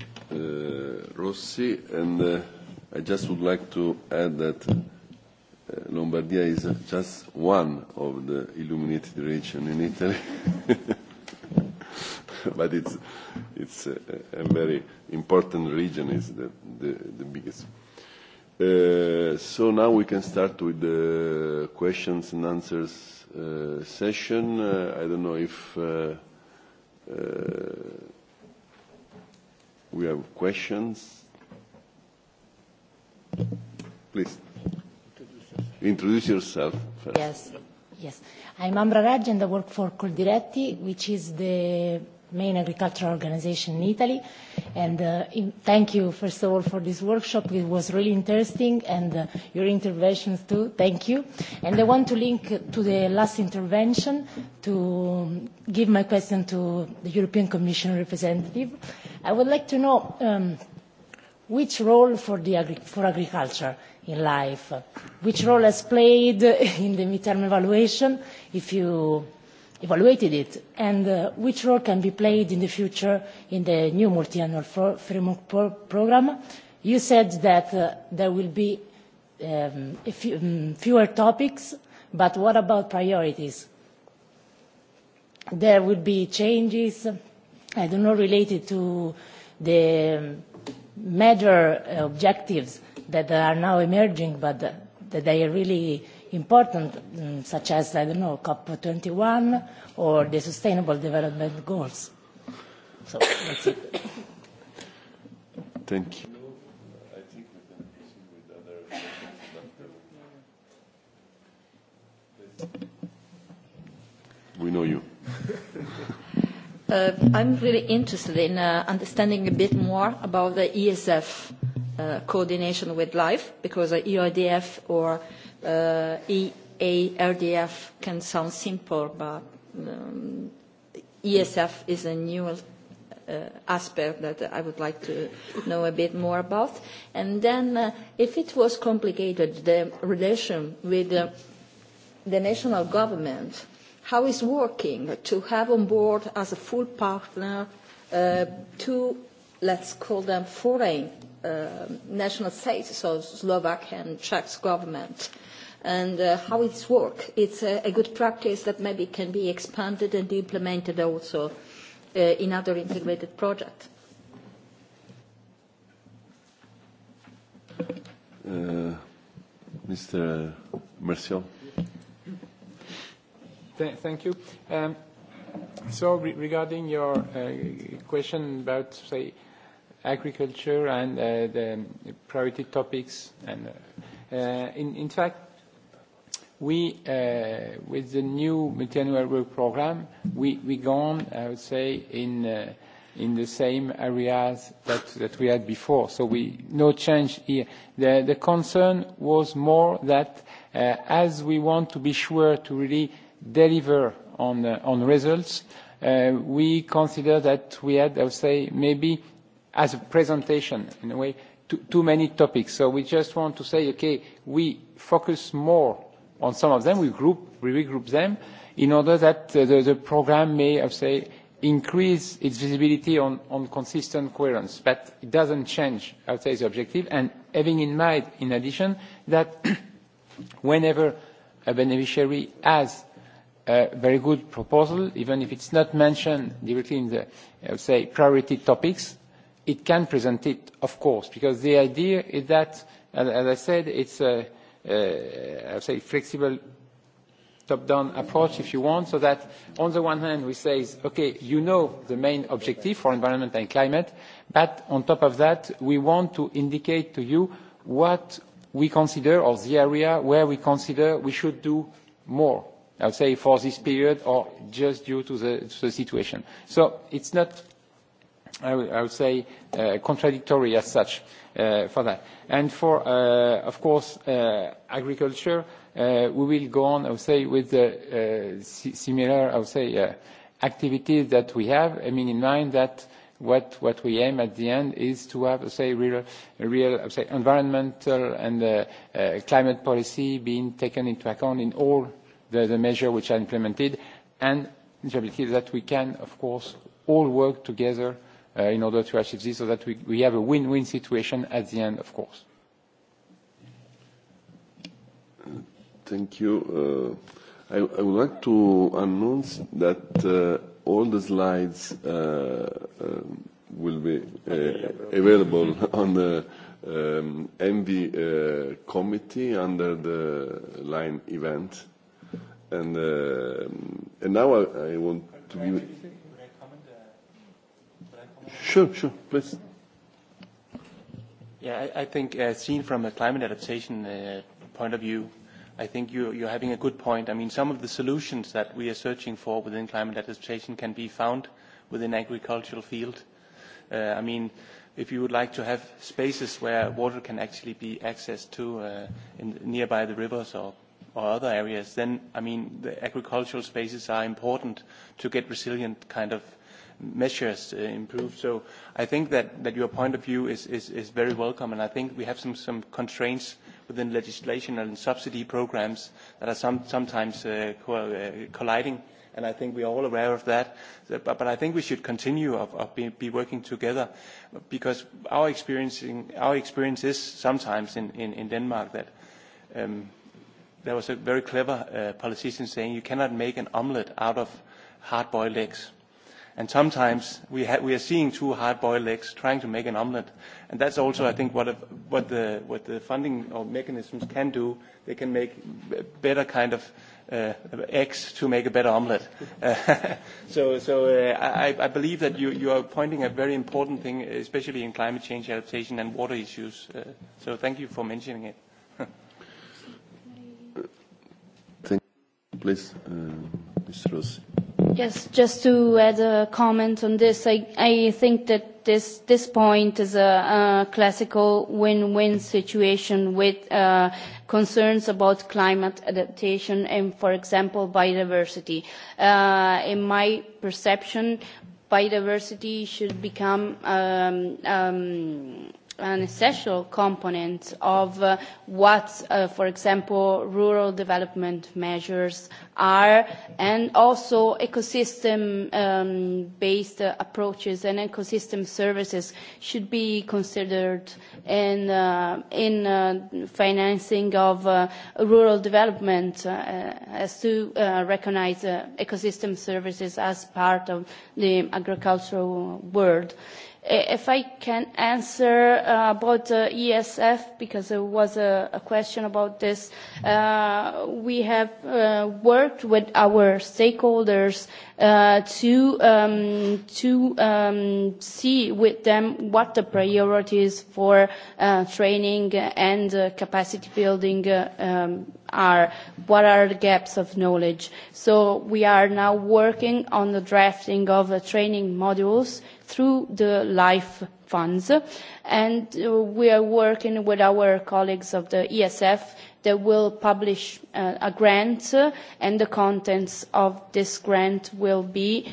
Rossi, and I just would like to add that Lombardia is just one of the illuminated regions in Italy but it's it's a very important region, is the the biggest. So now we can start with the questions and answers session. I don't know if we have questions. Please introduce yourself. Yes, yes. I'm Ambra Raj and I work for Coldiretti, which is the main agricultural organization in Italy. And thank you, first of all, for this workshop. It was really interesting, and your interventions too. Thank you. And I want to link to the last intervention to give my question to the European Commission representative. I would like to know which role for agriculture in life, which role has played in the midterm evaluation, if you evaluated it and which role can be played in the future in the new multi-annual framework program. You said that there will be fewer topics, but what about priorities? There will be changes, I don't know, related to the major objectives that are now emerging, but that they really important, such as, I don't know, COP21 or the Sustainable Development Goals. So that's it. Thank you. We know you. I'm really interested in understanding a bit more about the ESF coordination with LIFE, because the EIDF or EARDF can sound simple, but ESF is a new aspect that I would like to know a bit more about. And then if it was complicated, the relation with the national government, how is working to have on board as a full partner two let's call them foreign national states, so Slovak and Czech government. And how it's work. It's a good practice that maybe can be expanded and implemented also in other integrated projects. Mr. Mercier. Thank you. So regarding your question about, say, agriculture and the priority topics. And in fact, we with the new multi-annual work program, we we gone, I would say, in in the same areas that that we had before. So we no change here. The the concern was more that as we want to be sure to really deliver on on results, we consider that we had, I would say, maybe as a presentation in a way too many topics. So we just want to say, okay, we focus more on some of them, we group, we regroup them, in order that the program may, I say, increase its visibility on consistent coherence. But it doesn't change, I would say, the objective. And having in mind, in addition, that whenever a beneficiary has a very good proposal, even if it's not mentioned directly in the, I would say, priority topics, it can present it, of course, because the idea is that, as I said, it's a, say, flexible top-down approach, if you want, so that on the one hand we say, okay, you know the main objective for environment and climate, but on top of that we want to indicate to you what we consider, or the area where we consider we should do more, I would say, for this period or just due to the situation. So it's not I would say contradictory as such for that. And for, of course, agriculture, we will go on, I would say, with the similar, I would say, activities that we have. I mean, in mind that what what we aim at the end is to have, say, real, real, environmental and climate policy being taken into account in all the the measures which are implemented, and the that we can, of course, all work together in order to achieve this so that we have a win-win situation at the end, of course. Thank you. I would like to announce that all the slides will be available on the MV committee under the line event. And now I want to be Sure, sure, please. Yeah, I think seen from a climate adaptation point of view, I think you you're having a good point. I mean, some of the solutions that we are searching for within climate adaptation can be found within agricultural field. I mean, if you would like to have spaces where water can actually be accessed to in nearby the rivers or other areas, then, I mean, the agricultural spaces are important to get resilient kind of measures improved. So I think that your point of view is very welcome, and I think we have some constraints within legislation and subsidy programs that are sometimes colliding, and I think we are all aware of that. But I think we should continue of be working together, because our experience is sometimes in Denmark that there was a very clever politician saying you cannot make an omelette out of hard-boiled eggs. And sometimes we are seeing two hard-boiled eggs trying to make an omelette. And that's also, I think, what the funding or mechanisms can do. They can make better kind of eggs to make a better omelette. So I believe that you are pointing a very important thing, especially in climate change adaptation and water issues. So thank you for mentioning it. Please, Mr. Rossi. Yes, just to add a comment on this, I think that this point is a classical win-win situation with concerns about climate adaptation and, for example, biodiversity. In my perception, biodiversity should become an essential component of what, for example, rural development measures are, and also ecosystem-based approaches and ecosystem services should be considered in financing of rural development as to recognize ecosystem services as part of the agricultural world. If I can answer about ESF, because there was a question about this, we have worked with our stakeholders to see with them what the priorities for training and capacity building are, what are the gaps of knowledge. So we are now working on the drafting of training modules through the life funds and we are working with our colleagues of the esf that will publish a grant and the contents of this grant will be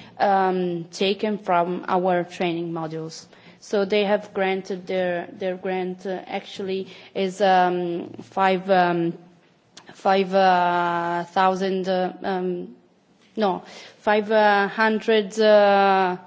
taken from our training modules so they have granted their their grant actually is um 5 um no 500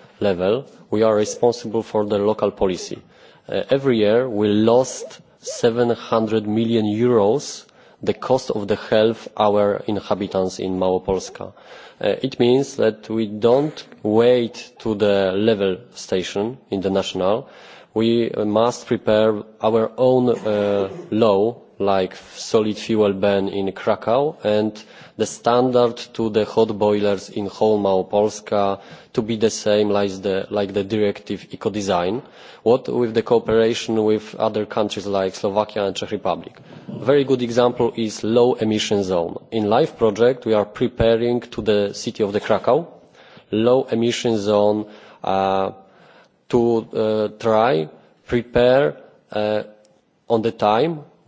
level we are responsible for the local policy. every year we lost eur seven hundred million the cost of the health of our inhabitants in małopolska. it means that we do not wait to the level station in the international we must prepare our own law like solid fuel ban in krakow and the standard to the hot boilers in Holma Polska to be the same like the directive design. what with the cooperation with other countries like Slovakia and Czech Republic a very good example is low emission zone in life project we are preparing to the city of the krakow low emission zone to try prepare on the time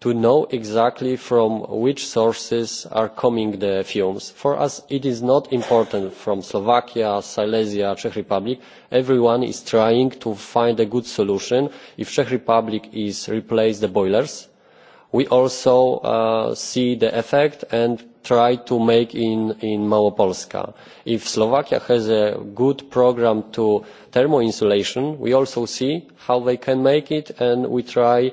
to know exactly from which sources are coming the fumes. For us it is not important from Slovakia, Silesia, Czech Republic. Everyone is trying to find a good solution. If Czech Republic is replace the boilers, we also see the effect and try to make in in Małopolska. If Slovakia has a good program to thermo insulation, we also see how they can make it and we try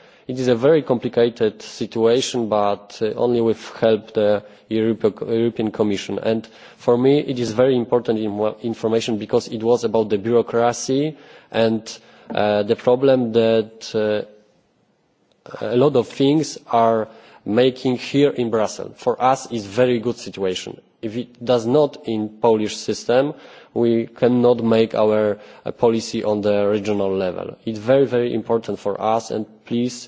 It is a very complicated situation, but only with help the European Commission. And for me, it is very important information because it was about the bureaucracy and the problem that a lot of things are making here in Brussels. For us, is a very good situation. If it does not in the Polish system, we cannot make our policy on the regional level. It's very, very important for us, and please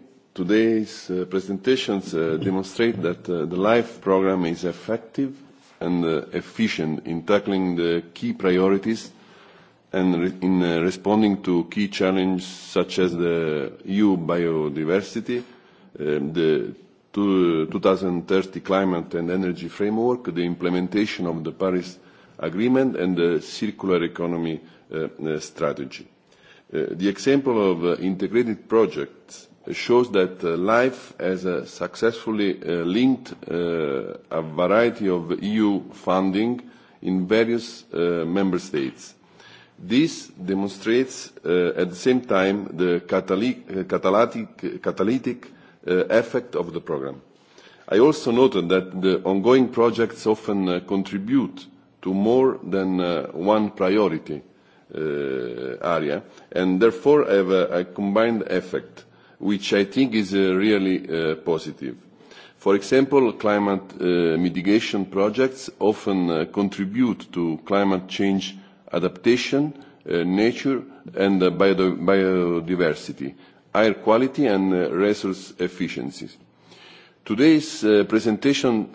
Today's presentations demonstrate that the LIFE program is effective and efficient in tackling the key priorities and in responding to key challenges such as the EU biodiversity, the 2030 climate and energy framework, the implementation of the Paris Agreement and the circular economy strategy. The example of integrated projects shows that LIFE has successfully linked a variety of EU funding in various member states. This demonstrates at the same time the catalytic effect of the programme. I also noted that the ongoing projects often contribute to more than one priority area and therefore have a combined effect which I think is really positive. For example, climate mitigation projects often contribute to climate change adaptation, nature and biodiversity, air quality and resource efficiencies. Today's presentation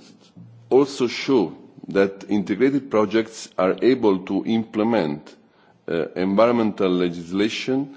also shows that integrated projects are able to implement environmental legislation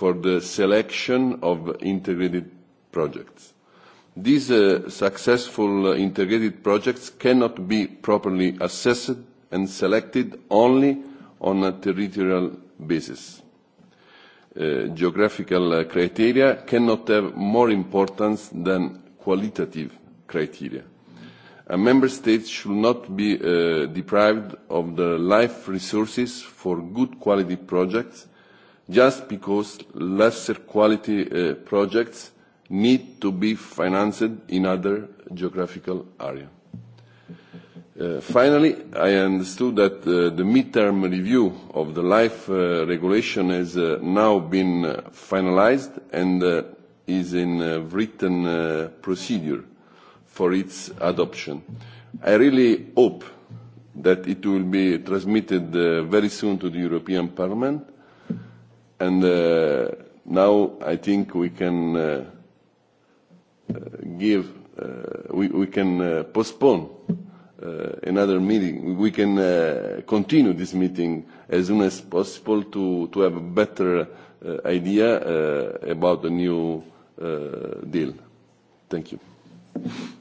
for the selection of integrated projects. These successful integrated projects cannot be properly assessed and selected only on a territorial basis. Geographical criteria cannot have more importance than qualitative criteria. A member state should not be deprived of the life resources for good quality projects just because lesser quality projects need to be financed in other geographical areas. Finally, I understood that the mid-term review of the life regulation has now been finalized and is in written procedure for its adoption. I really hope that it will be transmitted very soon to the European Parliament And now I think we can give, we can postpone another meeting. We can continue this meeting as soon as possible to to have a better idea about the new deal. Thank you.